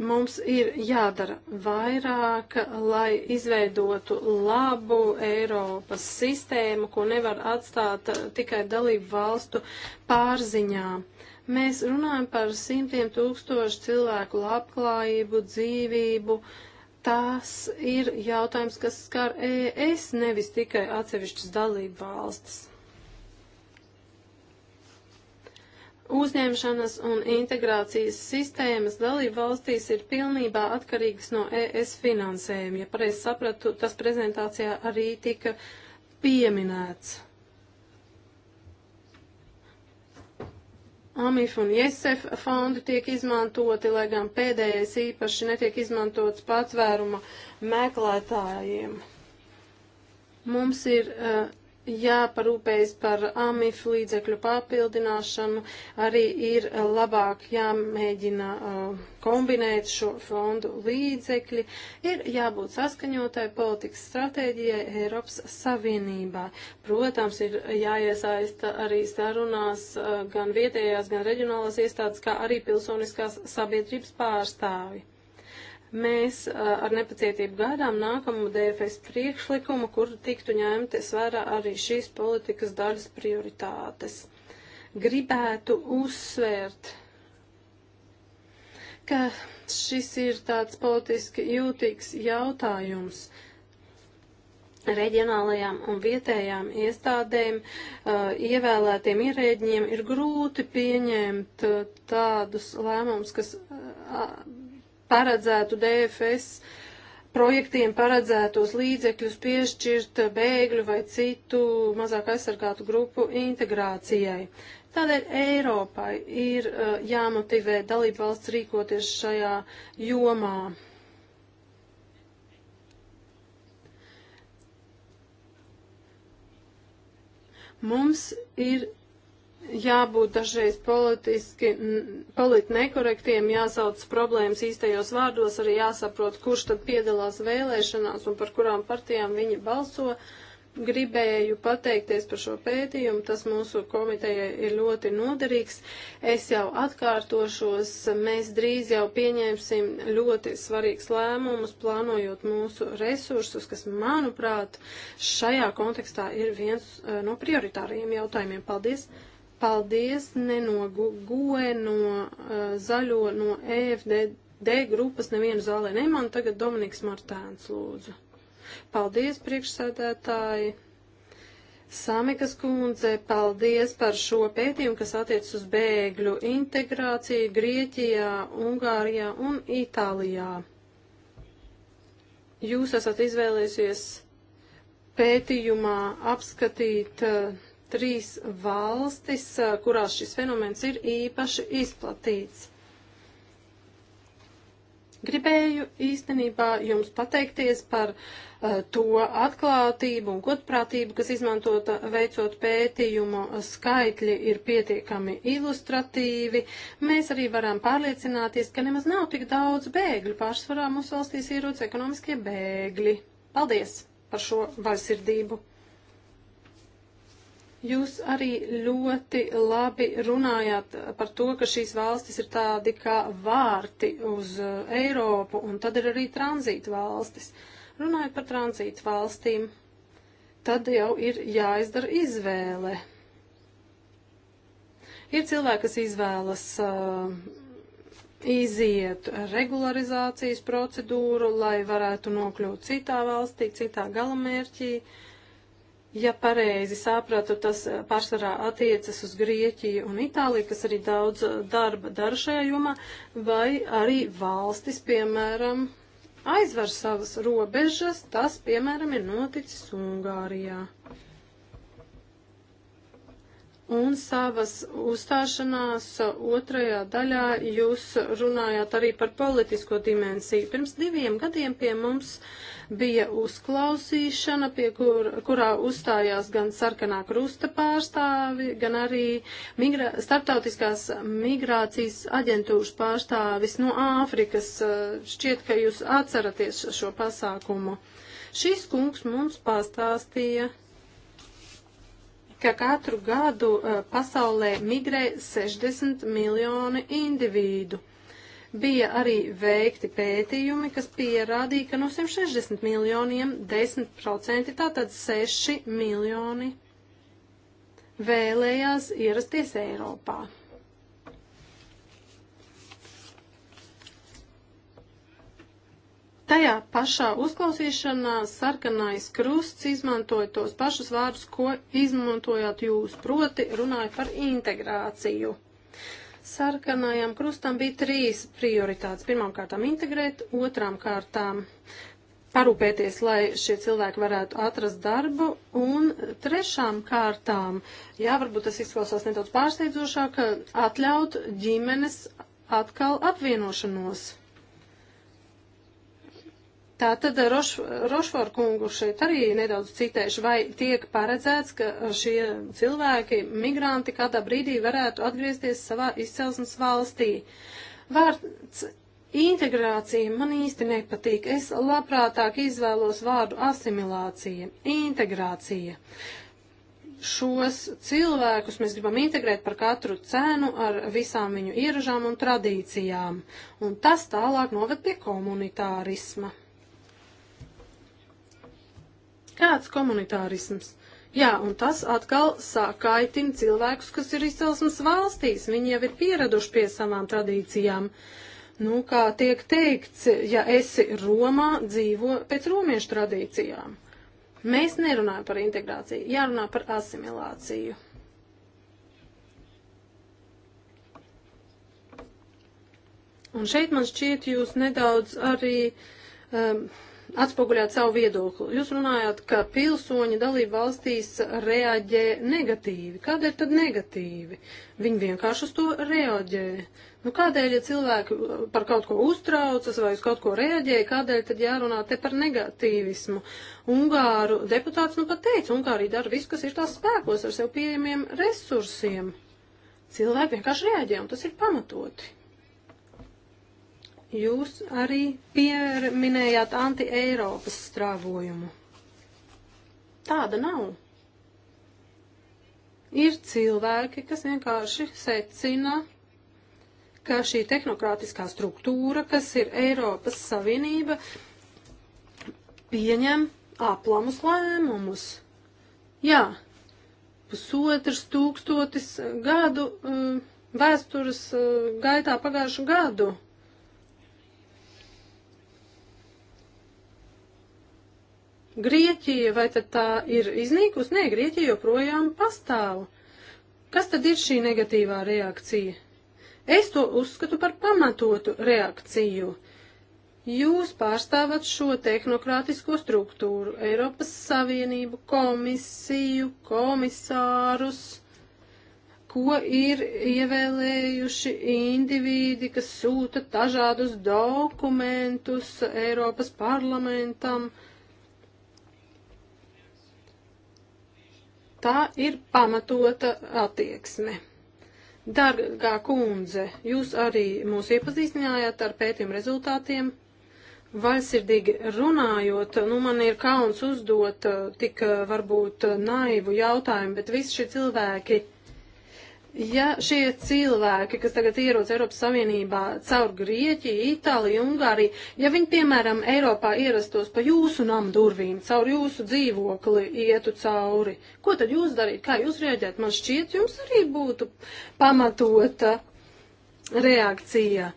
S3: Mums ir jādara vairāk, lai izveidotu labu Eiropas sistēmu, ko nevar atstāt tikai dalību valstu pārziņā. Mēs runājam par simtiem tūkstošu cilvēku labklājību, dzīvību. Tas ir jautājums, kas skar ES, nevis tikai atsevišķas dalību valstis. uzņemšanas un integrācijas sistēmas dalību valstīs ir pilnībā atkarīgas no ES finansējuma. Ja pareizi sapratu, tas prezentācijā arī tika pieminēts. AMIF un IESEF fondi tiek izmantoti, lai gan pēdējais īpaši netiek izmantots patvēruma meklētājiem. Mums ir uh, jāparūpējas par AMIF līdzekļu papildināšanu, arī ir labāk jāmēģina uh, kombinēt šo fondu līdzekļi, ir jābūt saskaņotai politikas stratēģijai Eiropas Savienībā. Protams, ir jāiesaista arī sarunās uh, gan vietējās, gan reģionālās iestādes, kā arī pilsoniskās sabiedrības pārstāvi. Mēs ar nepacietību gaidām nākamu DFS priekšlikumu, kur tiktu ņemtas vērā arī šīs politikas daļas prioritātes. Gribētu uzsvērt, ka šis ir tāds politiski jūtīgs jautājums reģionālajām un vietējām iestādēm uh, ievēlētiem ierēģiem ir grūti pieņemt tādus lēmumus, kas uh, paredzētu DFS projektiem paredzētos līdzekļus piešķirt bēgļu vai citu mazāk aizsargātu grupu integrācijai. Tādēļ Eiropai ir uh, jāmotivē dalību valsts rīkoties šajā jomā. Mums ir jābūt dažreiz politiski, politi nekorektiem, jāsauc problēmas īstajos vārdos, arī jāsaprot, kurš tad piedalās vēlēšanās un par kurām partijām viņi balso. Gribēju pateikties par šo pētījumu, tas mūsu komitejai ir ļoti noderīgs. Es jau atkārtošos, mēs drīz jau pieņemsim ļoti svarīgs lēmumus, plānojot mūsu resursus, kas, manuprāt, šajā kontekstā ir viens eh, no prioritārajiem jautājumiem. Paldies! Paldies nenogoe no uh, zaļo, no EFDD grupas nevienu zālē nemanu. Tagad Dominiks Martēns lūdzu. Paldies priekšsēdētāji. Samikas kundze, paldies par šo pētījumu, kas attiec uz bēgļu integrāciju Grieķijā, Ungārijā un Itālijā. Jūs esat izvēlējusies pētījumā apskatīt uh, trīs valstis, kurās šis fenomens ir īpaši izplatīts. Gribēju īstenībā jums pateikties par uh, to atklātību un godprātību, kas izmantota veicot pētījumu. Skaitļi ir pietiekami ilustratīvi. Mēs arī varam pārliecināties, ka nemaz nav tik daudz bēgļu. Pārsvarā mūsu valstīs ierodas ekonomiskie bēgļi. Paldies par šo vaļsirdību! Jūs arī ļoti labi runājāt par to, ka šīs valstis ir tādi kā vārti uz eh, Eiropu, un tad ir arī tranzīta valstis. Runājot par tranzīta valstīm, tad jau ir jāizdara izvēle. Ir cilvēki, kas izvēlas uh, iziet regularizācijas procedūru, lai varētu nokļūt citā valstī, citā galamērķī. Uh, Ja pareizi sapratu, tas eh, pārsvarā attiecas uz Grieķiju un Itāliju, kas arī daudz eh, darba dara šajā jomā, vai arī valstis, piemēram, aizver savas robežas, tas, piemēram, ir noticis Ungārijā. Un savas uzstāšanās otrajā daļā jūs runājāt arī par politisko dimensiju. Pirms diviem gadiem pie mums bija uzklausīšana, pie kur, kurā uzstājās gan sarkanā krusta pārstāvi, gan arī migra, starptautiskās migrācijas aģentūras pārstāvis no Āfrikas. Šķiet, ka jūs atceraties šo pasākumu. Šis kungs mums pastāstīja ka katru gadu eh, pasaulē migrē 60 miljoni individu. Bija arī veikti pētījumi, kas pierādīja, ka no 160 miljoniem 10% tātad 6 miljoni vēlējās ierasties Eiropā. Tajā pašā uzklausīšanā sarkanais krusts izmantoja tos pašus vārdus, ko izmantojāt jūs, proti runāja par integrāciju. Sarkanajam krustam bija trīs prioritātes. Pirmām kārtām integrēt, otrām kārtām parūpēties, lai šie cilvēki varētu atrast darbu, un trešām kārtām, jā, varbūt tas izklausās nedaudz pārsteidzošāk, atļaut ģimenes atkal apvienošanos. Tā tad eh, Roš, Rošvar kungu šeit arī nedaudz citēšu, vai tiek paredzēts, ka eh, šie cilvēki, migranti, kādā brīdī varētu atgriezties savā izcelsmes valstī. Vārds integrācija man īsti nepatīk. Es labprātāk izvēlos vārdu asimilācija, integrācija šos cilvēkus mēs gribam integrēt par katru cenu ar visām viņu ieražām un tradīcijām, un tas tālāk noved pie komunitārisma. Kāds komunitārisms? Jā, un tas atkal sāk kaitina cilvēkus, kas ir izcelsmes valstīs. Viņi jau ir pieraduši pie savām tradīcijām. Nu, kā tiek teikts, ja esi Romā, dzīvo pēc romiešu tradīcijām. Mēs nerunājam par integrāciju, jārunā par asimilāciju. Un šeit man šķiet jūs nedaudz arī. Um, atspoguļāt savu viedokli. Jūs runājāt, ka pilsoņi dalību valstīs reaģē negatīvi. Kādēļ tad negatīvi? Viņi vienkārši uz to reaģē. Nu, kādēļ, ja cilvēki par kaut ko uztraucas vai uz kaut ko reaģē, kādēļ tad jārunā te par negatīvismu? Ungāru deputāts nu pat teica, Ungārija dara visu, kas ir tās spēkos ar sev pieejamiem resursiem. Cilvēki vienkārši reaģē, un tas ir pamatoti. Jūs arī pieminējāt anti-Eiropas strāvojumu. Tāda nav. Ir cilvēki, kas vienkārši secina, ka šī tehnokrātiskā struktūra, kas ir Eiropas Savienība, pieņem aplamus lēmumus. Jā, pusotrs tūkstotis gadu eh, vēstures eh, gaitā pagājušu gadu. Grieķija, vai tad tā ir iznīkus? Nē, Grieķija joprojām pastāv. Kas tad ir šī negatīvā reakcija? Es to uzskatu par pamatotu reakciju. Jūs pārstāvat šo tehnokrātisko struktūru, Eiropas Savienību, komisiju, komisārus, ko ir ievēlējuši indivīdi, kas sūta dažādus dokumentus Eiropas parlamentam. Uh, Tā ir pamatota attieksme. Dargā kundze, jūs arī mūs iepazīstinājāt ar pētījumu rezultātiem. Vaļsirdīgi runājot, nu man ir kauns uzdot eh, tik eh, varbūt naivu jautājumu, bet visi šie cilvēki Ja šie cilvēki, kas tagad ierodas Eiropas Savienībā caur Grieķiju, Itāliju, Ungāriju, ja viņi, piemēram, Eiropā ierastos pa jūsu namu durvīm, caur jūsu dzīvokli ietu cauri, ko tad jūs darītu, kā jūs rēģētu? Man šķiet, jums arī būtu pamatota reakcija.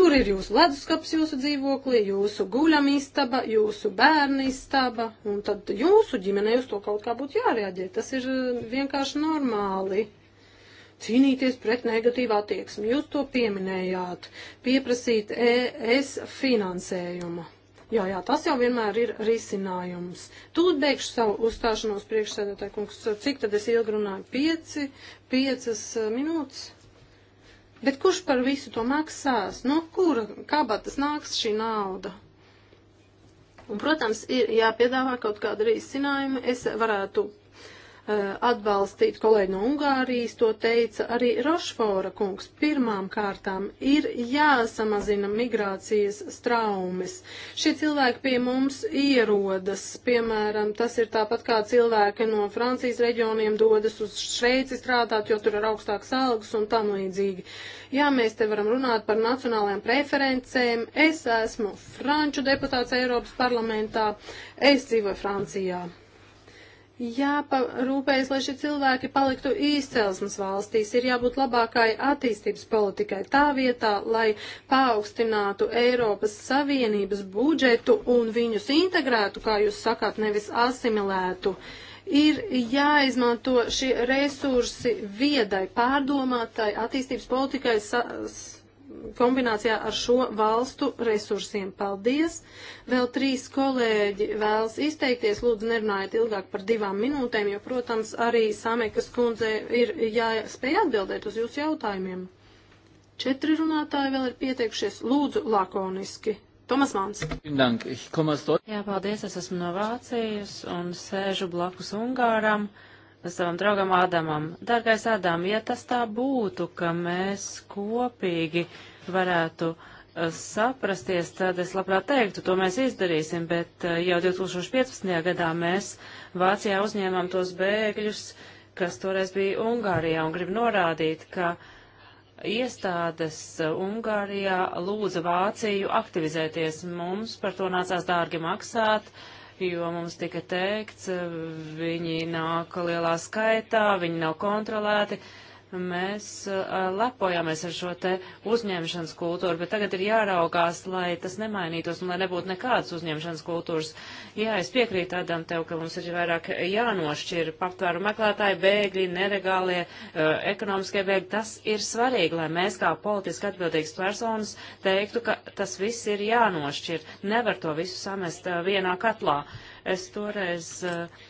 S3: Tur ir jūsu leduskaps, jūsu dzīvokli, jūsu guļamistaba, jūsu bērnistaba, un tad jūsu ģimenei uz to kaut kā būtu jārēģē. Tas ir eh, vienkārši normāli cīnīties pret negatīvu attieksmi. Jūs to pieminējāt, pieprasīt ES finansējumu. Jā, jā, tas jau vienmēr ir risinājums. Tūlīt beigšu savu uzstāšanos priekšsēdētāju kungs. Cik tad es ilgi runāju? Pieci, piecas eh, minūtes? Bet kurš par visu to maksās? No kura kabatas nāks šī nauda? Un, protams, ir jāpiedāvā kaut kāda risinājuma. Es varētu Eh, atbalstīt. Kolēģi no Ungārijas to teica arī Rošfora kungs. Pirmām kārtām ir jāsamazina migrācijas straumes. Šie cilvēki pie mums ierodas. Piemēram, tas ir tāpat kā cilvēki no Francijas reģioniem dodas uz Šveici strādāt, jo tur ir augstāks algas un tam līdzīgi. Jā, mēs te varam runāt par nacionālajām preferencēm. Es esmu franču deputāts Eiropas parlamentā. Es dzīvoju Francijā jāparūpējas, lai šie cilvēki paliktu izcelsmes valstīs, ir jābūt labākai attīstības politikai tā vietā, lai paaugstinātu Eiropas Savienības budžetu un viņus integrētu, kā jūs sakāt, nevis asimilētu. Ir jāizmanto šie resursi viedai, pārdomātai attīstības politikai sa kombinācijā ar šo valstu resursiem. Paldies! Vēl trīs kolēģi vēlas izteikties. Lūdzu, nerunājiet ilgāk par divām minūtēm, jo, protams, arī Samekas kundze ir jāspēj atbildēt uz jūsu jautājumiem. Četri runātāji vēl ir pieteikušies. Lūdzu, lakoniski. Tomas Mans.
S2: Jā, paldies. Es esmu no
S3: Vācijas un sēžu blakus Ungāram. Uh, savam
S2: draugam Ādamam. Dārgais Ādam, ja tas tā būtu, ka mēs kopīgi varētu eh, saprasties, tad es labprāt teiktu, to mēs izdarīsim, bet eh, jau 2015. gadā mēs Vācijā uzņēmām tos bēgļus, kas toreiz bija Ungārijā, un gribu norādīt, ka iestādes eh, Ungārijā lūdza Vāciju aktivizēties. Mums par to nācās dārgi maksāt. Uh, jo mums tika teikts, eh, viņi nāk lielā skaitā, viņi nav kontrolēti. Uh, mēs lepojāmies ar šo te uzņemšanas kultūru, bet tagad ir jāraugās, lai tas nemainītos un lai nebūtu nekādas uzņemšanas kultūras. Jā, es piekrītu Adam tev, ka mums ir vairāk jānošķir patvēru meklētāji, bēgļi, neregālie, ekonomiskie bēgļi. Tas ir svarīgi, lai mēs kā politiski atbildīgas personas teiktu, ka tas viss ir jānošķir. Nevar to visu samest vienā katlā. Es toreiz uh,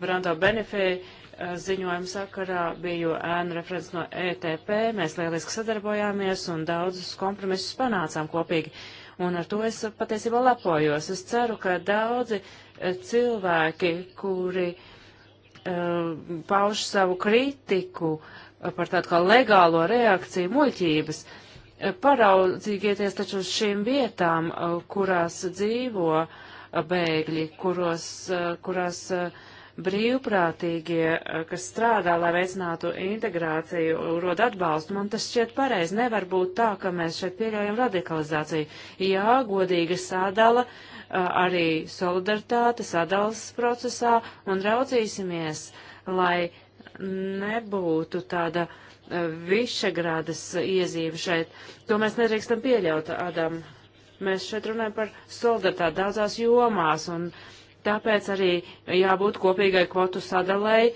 S2: Brando Benefēju Eh, ziņojuma sakarā biju ēnu referents no ETP, mēs lieliski sadarbojāmies un daudzus kompromisus panācām kopīgi. Un ar to es patiesībā lepojos. Es ceru, ka daudzi eh, cilvēki, kuri uh, pauž savu kritiku par tādu kā legālo reakciju muļķības, paraudzieties taču uz šīm vietām, kurās dzīvo bēgļi, kuros, kurās uh, brīvprātīgie, eh, kas strādā, lai veicinātu integrāciju, rod atbalstu. Man tas šķiet pareizi. Nevar būt tā, ka mēs šeit pieļaujam radikalizāciju. Jā, godīga sādala eh, arī solidaritāte sadalas procesā un raudzīsimies, lai nebūtu tāda eh, višagrādas iezīme šeit. To mēs nedrīkstam pieļaut, Adam. Mēs šeit runājam par solidaritāti daudzās jomās un uh, Tāpēc arī jābūt kopīgai kvotu sadalēji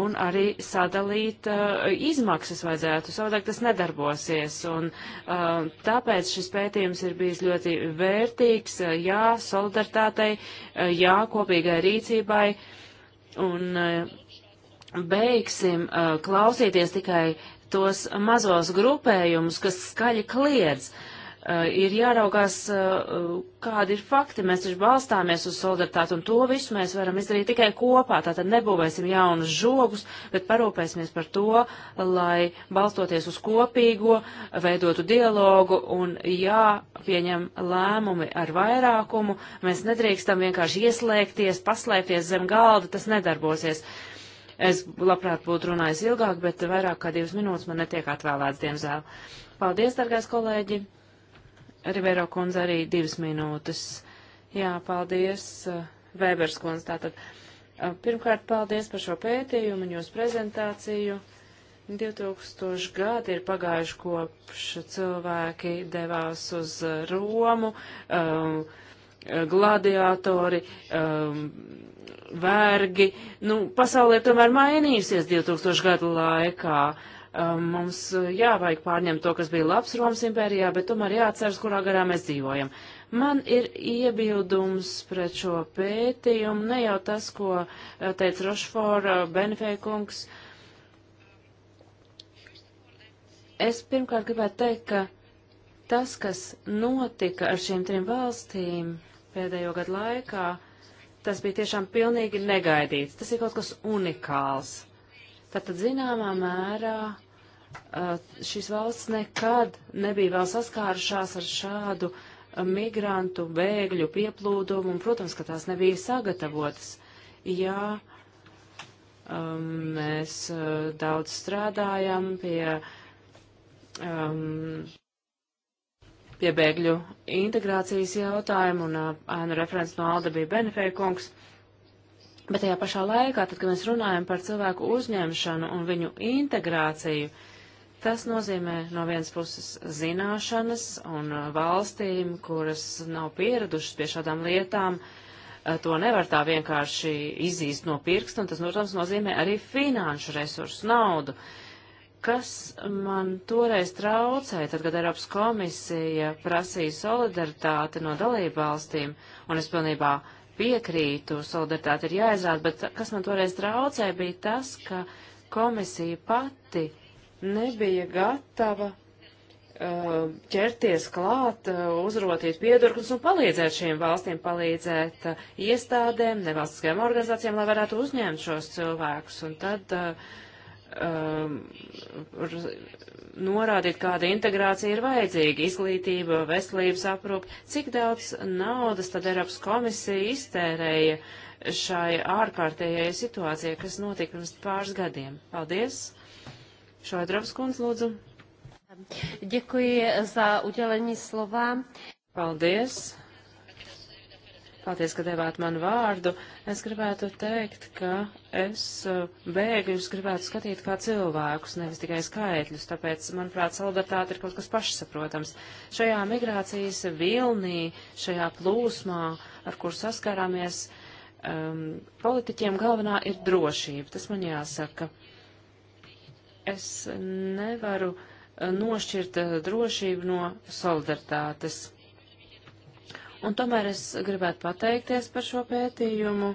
S2: un arī sadalīt uh, izmaksas vajadzētu, savādāk tas nedarbosies. Un, uh, tāpēc šis pētījums ir bijis ļoti vērtīgs, uh, jā, solidaritātei, uh, jā, kopīgai rīcībai. Un uh, beigsim uh, klausīties tikai tos mazos grupējumus, kas skaļi kliedz. Uh, Eh, ir jāraugās, eh, kādi ir fakti. Mēs taču balstāmies uz solidaritāti, un to visu mēs varam izdarīt tikai kopā. Tātad nebūvēsim jaunus žogus, bet parūpēsimies par to, lai balstoties uz kopīgo, veidotu dialogu un jāpieņem lēmumi ar vairākumu. Mēs nedrīkstam vienkārši ieslēgties, paslēpties zem galda, tas nedarbosies. Es labprāt būtu runājis ilgāk, bet vairāk kā divas minūtes man netiek atvēlēts, diemžēl. Paldies, dargais kolēģi! Rivero kundze arī divas minūtes. Jā, paldies, eh, Vēbers kundze. Tātad, eh, pirmkārt, paldies par šo pētījumu un jūsu prezentāciju. 2000 gadi ir pagājuši kopš cilvēki devās uz eh, Romu, um, gladiatori, um, vergi. Nu, pasaulē tomēr mainīsies 2000 gadu laikā. Uh, Um, mums uh, jāvajag pārņemt to, kas bija labs Romas impērijā, bet tomēr jāatceras, kurā garā mēs dzīvojam. Man ir iebildums pret šo pētījumu, ne jau tas, ko uh, teica Rošfora uh, Benefēkungs. Es pirmkārt gribētu teikt, ka tas, kas notika ar šīm trim valstīm pēdējo gadu laikā, tas bija tiešām pilnīgi negaidīts. Tas ir kaut kas unikāls. Tātad, zināmā mērā, Eh, šīs valsts nekad nebija vēl saskārušās ar šādu eh, migrantu, bēgļu pieplūdumu, un, protams, ka tās nebija sagatavotas. Jā, ehm, mēs eh, daudz strādājam pie, um, pie bēgļu integrācijas jautājumu, un ēnu referents no Alda bija Benefēkungs. Bet tajā pašā laikā, tad, kad mēs runājam par cilvēku uzņemšanu un viņu integrāciju, uh, Tas nozīmē no vienas puses zināšanas un uh, valstīm, kuras nav pieradušas pie šādām lietām, uh, to nevar tā vienkārši izīst no pirksta, un tas, protams, nozīmē arī finanšu resursu naudu. Kas man toreiz traucēja, tad, kad Eiropas komisija prasīja solidaritāti no dalību valstīm, un es pilnībā piekrītu, solidaritāte ir jāizrāda, bet kas man toreiz traucēja, bija tas, ka komisija pati nebija gatava uh, ķerties klāt, uh, uzrotīt piedurknes un palīdzēt šīm valstīm, palīdzēt uh, iestādēm, nevalstiskajām organizācijām, lai varētu uzņemt šos cilvēkus. Un tad uh, um, norādīt, kāda integrācija ir vajadzīga, izglītība, veselības aprūp, cik daudz naudas tad Eiropas komisija iztērēja šai ārkārtējai situācijai, kas notika pirms pāris gadiem. Paldies! Šādravs kundz, lūdzu. Ďakuji za udelení slova. Paldies. Paldies, ka devāt man vārdu. Es gribētu teikt, ka es uh, bēgļus gribētu skatīt kā cilvēkus, nevis tikai skaitļus, tāpēc, manuprāt, solidaritāte ir kaut kas pašsaprotams. Šajā migrācijas vilnī, šajā plūsmā, ar kur saskārāmies, um, politiķiem galvenā ir drošība. Tas man jāsaka. Uh, Es nevaru eh, nošķirt eh, drošību no solidaritātes. Un tomēr es gribētu pateikties par šo pētījumu.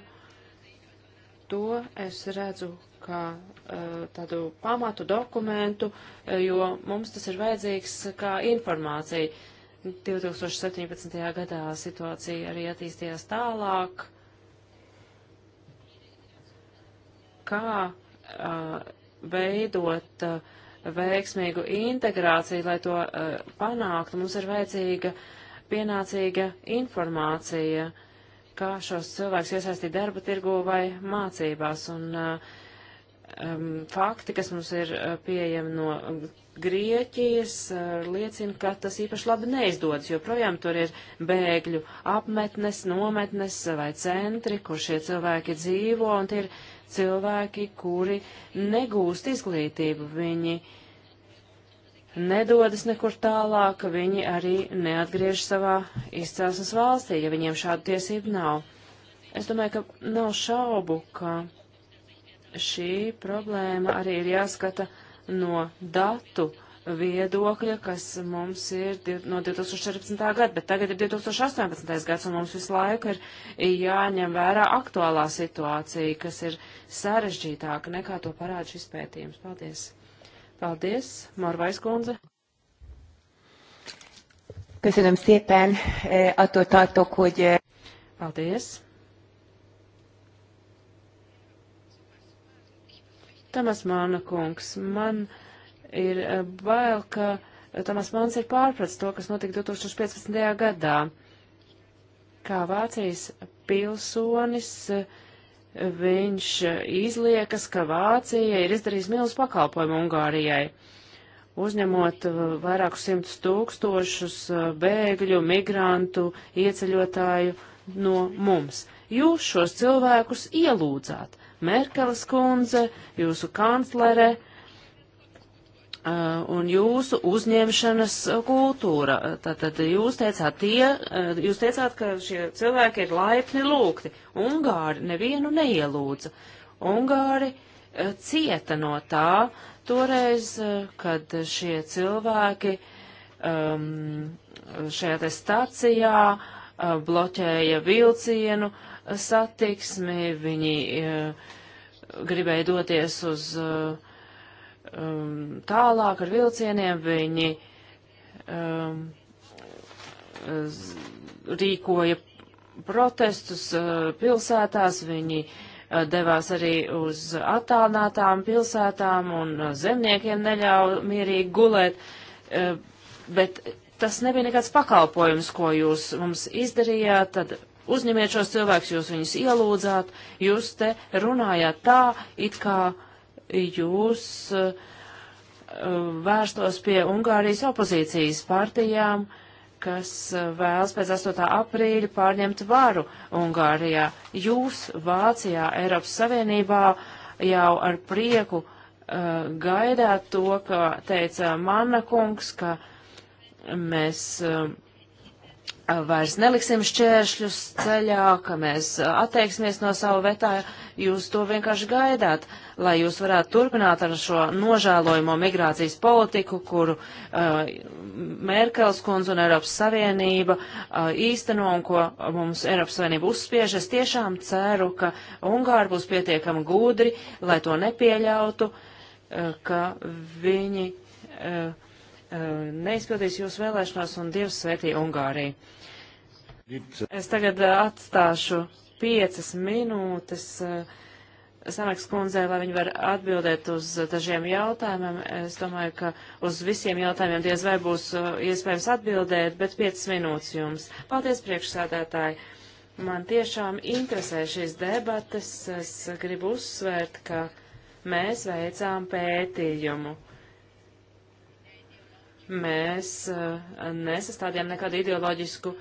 S2: To es redzu kā eh, tādu pamatu dokumentu, jo mums tas ir vajadzīgs kā informācija. 2017. gadā situācija arī attīstījās tālāk, kā uh, veidot uh, veiksmīgu integrāciju, lai to uh, panāktu, mums ir vajadzīga pienācīga informācija, kā šos cilvēkus iesaistīt darba tirgu vai mācībās. Un, uh, um, fakti, kas mums ir uh, pieejami no Grieķijas eh, liecina, ka tas īpaši labi neizdodas, jo projām tur ir bēgļu apmetnes, nometnes vai centri, kur šie cilvēki dzīvo, un tie ir cilvēki, kuri negūst izglītību, viņi nedodas nekur tālāk, viņi arī neatgriež savā izcelsmes valstī, ja viņiem šādu tiesību nav. Es domāju, ka nav šaubu, ka šī problēma arī ir jāskata no datu viedokļa, kas mums ir no 2014. gada, bet tagad ir 2018. gads, un mums visu laiku ir jāņem vērā aktuālā situācija, kas ir sarežģītāka nekā to parāda šis pētījums. Paldies! Paldies, Morvais kundze!
S4: Köszönöm szépen, eh, attól tartok, hogy... Eh, Paldies!
S2: Tamas Māna kungs, man ir eh, bail, ka Tamas Māns ir pārpratis to, kas notika 2015. gadā. Kā Vācijas pilsonis, eh, viņš izliekas, ka Vācija ir izdarījusi milzu pakalpojumu Ungārijai, uzņemot eh, vairākus simtus tūkstošus bēgļu, migrantu, ieceļotāju no mums. Jūs šos cilvēkus ielūdzāt Merkeles kundze, jūsu kanclere uh, un jūsu uzņemšanas kultūra. Tātad uh, jūs teicāt, tie, uh, jūs teicāt, ka šie cilvēki ir laipni lūgti. Ungāri nevienu neielūdza. Ungāri cieta no tā toreiz, kad šie cilvēki um, šajā te stacijā bloķēja vilcienu, uh, satiksmi, viņi eh, gribēja doties uz eh, um, tālāk ar vilcieniem, viņi um, rīkoja protestus eh, pilsētās, viņi devās arī uz attālinātām pilsētām un zemniekiem neļauj mierīgi gulēt, bet tas nebija nekāds pakalpojums, ko jūs mums izdarījāt, tad uzņemiet šos cilvēkus, jūs viņus ielūdzāt, jūs te runājāt tā, it kā jūs uh, vērstos pie Ungārijas opozīcijas partijām, kas eh, vēlas pēc 8. aprīļa pārņemt varu Ungārijā. Jūs Vācijā, Eiropas Savienībā jau ar prieku uh, gaidāt to, ka teica Manna kungs, ka mēs uh, vairs neliksim šķēršļus ceļā, ka mēs atteiksimies no savu vetā, jūs to vienkārši gaidāt, lai jūs varētu turpināt ar šo nožēlojamo migrācijas politiku, kuru uh, Merkels kundze un Eiropas Savienība uh, īsteno un ko mums Eiropas Savienība uzspiež. Es tiešām ceru, ka Ungāri būs pietiekami gudri, lai to nepieļautu, uh, ka viņi. Uh, Eh, neizpildīs jūsu vēlēšanās un Dievs svētī Ungāriju. Es tagad eh, atstāšu piecas minūtes eh, Sanaks kundzē, lai viņi var atbildēt uz dažiem jautājumiem. Es domāju, ka uz visiem jautājumiem diez vai būs iespējams atbildēt, bet piecas minūtes jums. Paldies, priekšsādātāji! Man tiešām interesē šīs debates. Es gribu uzsvērt, ka mēs veicām pētījumu mēs eh, nesastādījām nekādu ideoloģisku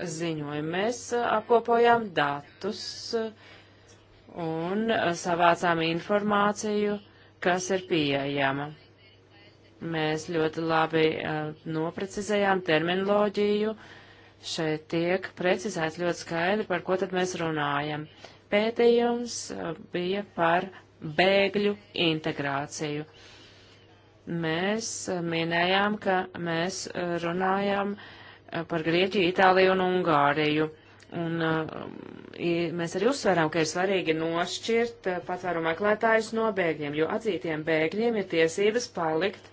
S2: ziņojumu. Mēs eh, apkopojām datus eh, un savācām informāciju, kas ir pieejama. Mēs ļoti labi noprecizējām terminoloģiju. Šeit tiek precizēts ļoti skaidri, par ko tad mēs runājam. Pētījums bija par bēgļu integrāciju mēs eh, minējām, ka mēs eh, runājam eh, par Grieķiju, Itāliju un Ungāriju. Un mēs arī uzsverām, ka ir svarīgi nošķirt patvēru meklētājus no bēgļiem, jo atzītiem bēgļiem ir tiesības palikt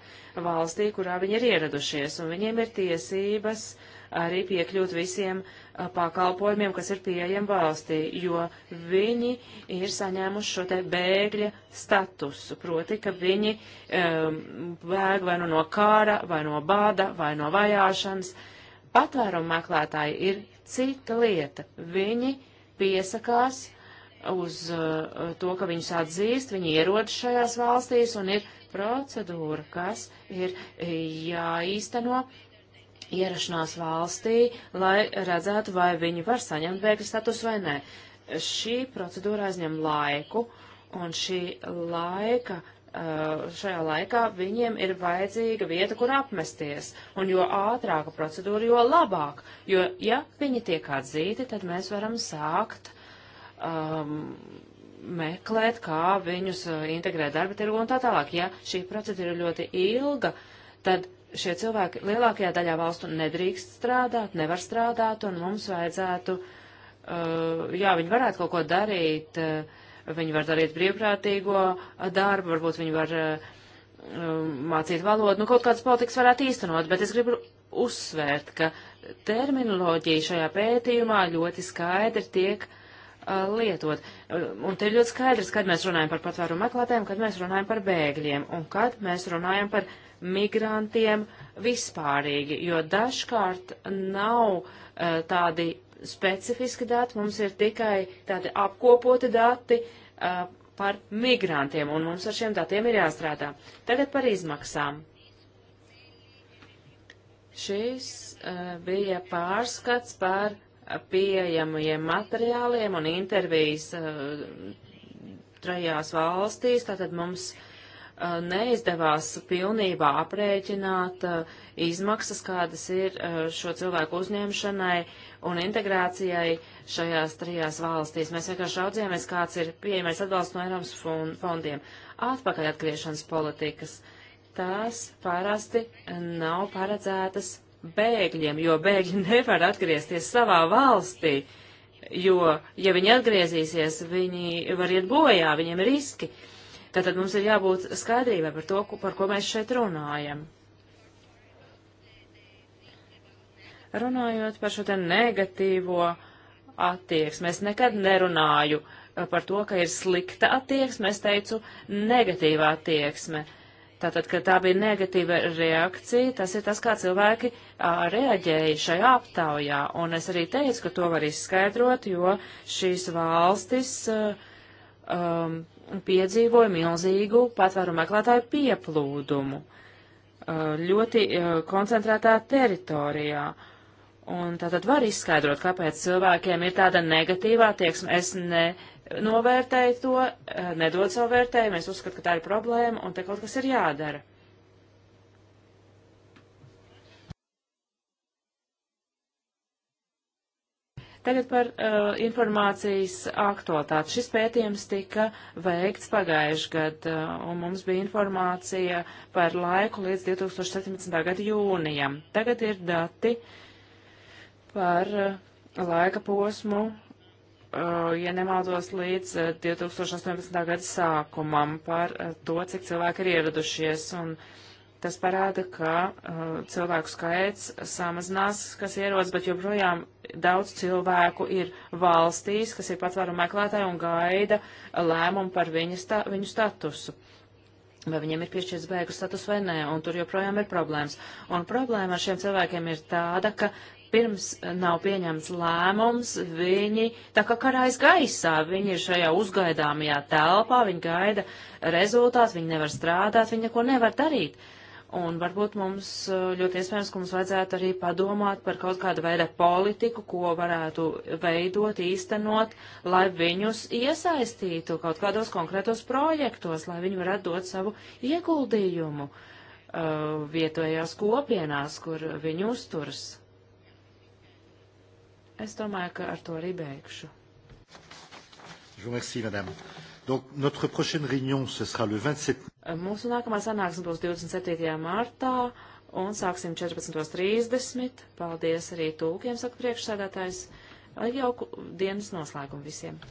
S2: valstī, kurā viņi ir ieradušies, un viņiem ir tiesības uh, arī piekļūt visiem a, pakalpojumiem, kas ir pieejami valstī, jo viņi ir saņēmuši šo te bēgļa statusu, proti, ka viņi um, bēg vai nu no kāra, vai no bāda, vai no vajāšanas. Patvērumu meklētāji ir cita lieta. Viņi piesakās uz uh, to, ka viņus atzīst, viņi ierodas šajās valstīs un ir procedūra, kas ir jāīsteno. Uh, ierašanās valstī, lai redzētu, vai viņi var saņemt bēgļu status vai nē. Šī procedūra aizņem laiku, un šī laika, uh, šajā laikā viņiem ir vajadzīga vieta, kur apmesties. Un jo ātrāka procedūra, jo labāk. Jo, ja viņi tiek atzīti, tad mēs varam sākt um, meklēt, kā viņus uh, integrēt darba tirgu un tā tālāk. Ja šī procedūra ir ļoti ilga, tad šie cilvēki lielākajā daļā valstu nedrīkst strādāt, nevar strādāt, un mums vajadzētu, uh, jā, viņi varētu kaut ko darīt, uh, viņi var darīt brīvprātīgo darbu, varbūt viņi var uh, um, mācīt valodu, nu kaut kādas politikas varētu īstenot, bet es gribu uzsvērt, ka terminoloģija šajā pētījumā ļoti skaidri tiek uh, lietot. Uh, un te ir ļoti skaidrs, kad mēs runājam par patvērumu meklētājiem, kad mēs runājam par bēgļiem un kad mēs runājam par uh, migrantiem vispārīgi, jo dažkārt nav uh, tādi specifiski dati, mums ir tikai tādi apkopoti dati uh, par migrantiem, un mums ar šiem datiem ir jāstrādā. Tagad par izmaksām. Šis uh, bija pārskats par pieejamajiem materiāliem un intervijas trajās valstīs, tātad mums uh, Uh, neizdevās pilnībā aprēķināt uh, izmaksas, kādas ir uh, šo cilvēku uzņemšanai un integrācijai šajās trijās valstīs. Mēs vienkārši raudzījāmies, kāds ir pieejamais atbalsts no Eiropas fondiem. Atpakaļ atgriešanas politikas. Tās parasti nav paredzētas bēgļiem, jo bēgļi nevar atgriezties savā valstī, jo, ja viņi atgriezīsies, viņi var iet bojā, viņiem ir riski. Uh, Tātad mums ir jābūt skaidrībai par to, par ko mēs šeit runājam. Runājot par šo te negatīvo attieksmi, es nekad nerunāju uh, par to, ka ir slikta attieksme, es teicu negatīvā attieksme. Tātad, ka tā bija negatīva reakcija, tas ir tas, kā cilvēki a, uh, reaģēja šajā aptaujā. Un es arī teicu, ka to var izskaidrot, jo šīs valstis a, uh, um, piedzīvoja milzīgu patvēru meklētāju pieplūdumu uh, ļoti uh, koncentrētā teritorijā. Un tātad var izskaidrot, kāpēc cilvēkiem ir tāda negatīvā attieksme. Es ne, novērtēju to, uh, nedod savu vērtējumu, es uzskatu, ka tā ir problēma un te kaut kas ir jādara. Tagad par uh, informācijas aktualitāti. Šis pētījums tika veikts pagājuši gadu, uh, un mums bija informācija par laiku līdz 2017. gada jūnijam. Tagad ir dati par uh, laika posmu, uh, ja nemaldos, līdz uh, 2018. gada sākumam par uh, to, cik cilvēki ir ieradušies. Un, uh, Tas parāda, ka uh, cilvēku skaits samazinās, kas ierodas, bet joprojām daudz cilvēku ir valstīs, kas ir patvēru meklētāji un gaida lēmumu par viņa sta viņu statusu. Vai viņiem ir piešķirts bēgu status vai nē, un tur joprojām ir problēmas. Un problēma ar šiem cilvēkiem ir tāda, ka pirms nav pieņemts lēmums, viņi tā kā karājas gaisā, viņi ir šajā uzgaidāmajā telpā, viņi gaida rezultāts, viņi nevar strādāt, viņi neko nevar darīt. Uh, Un varbūt mums eh, ļoti iespējams, ka mums vajadzētu arī padomāt par kaut kādu veidu politiku, ko varētu veidot, īstenot, lai viņus iesaistītu kaut kādos konkrētos projektos, lai viņi varētu dot savu ieguldījumu uh, vietojās kopienās, kur viņi uzturs. Es domāju, ka ar to arī beigšu.
S1: Žu, merci, madame. Donc, notre prochaine réunion, ce sera le 27.
S2: Euh, mūsu nākamā sanāksme būs 27. martā un sāksim 14.30. Paldies arī tūkiem, saka priekšsēdētājs. Jauku dienas noslēgumu visiem!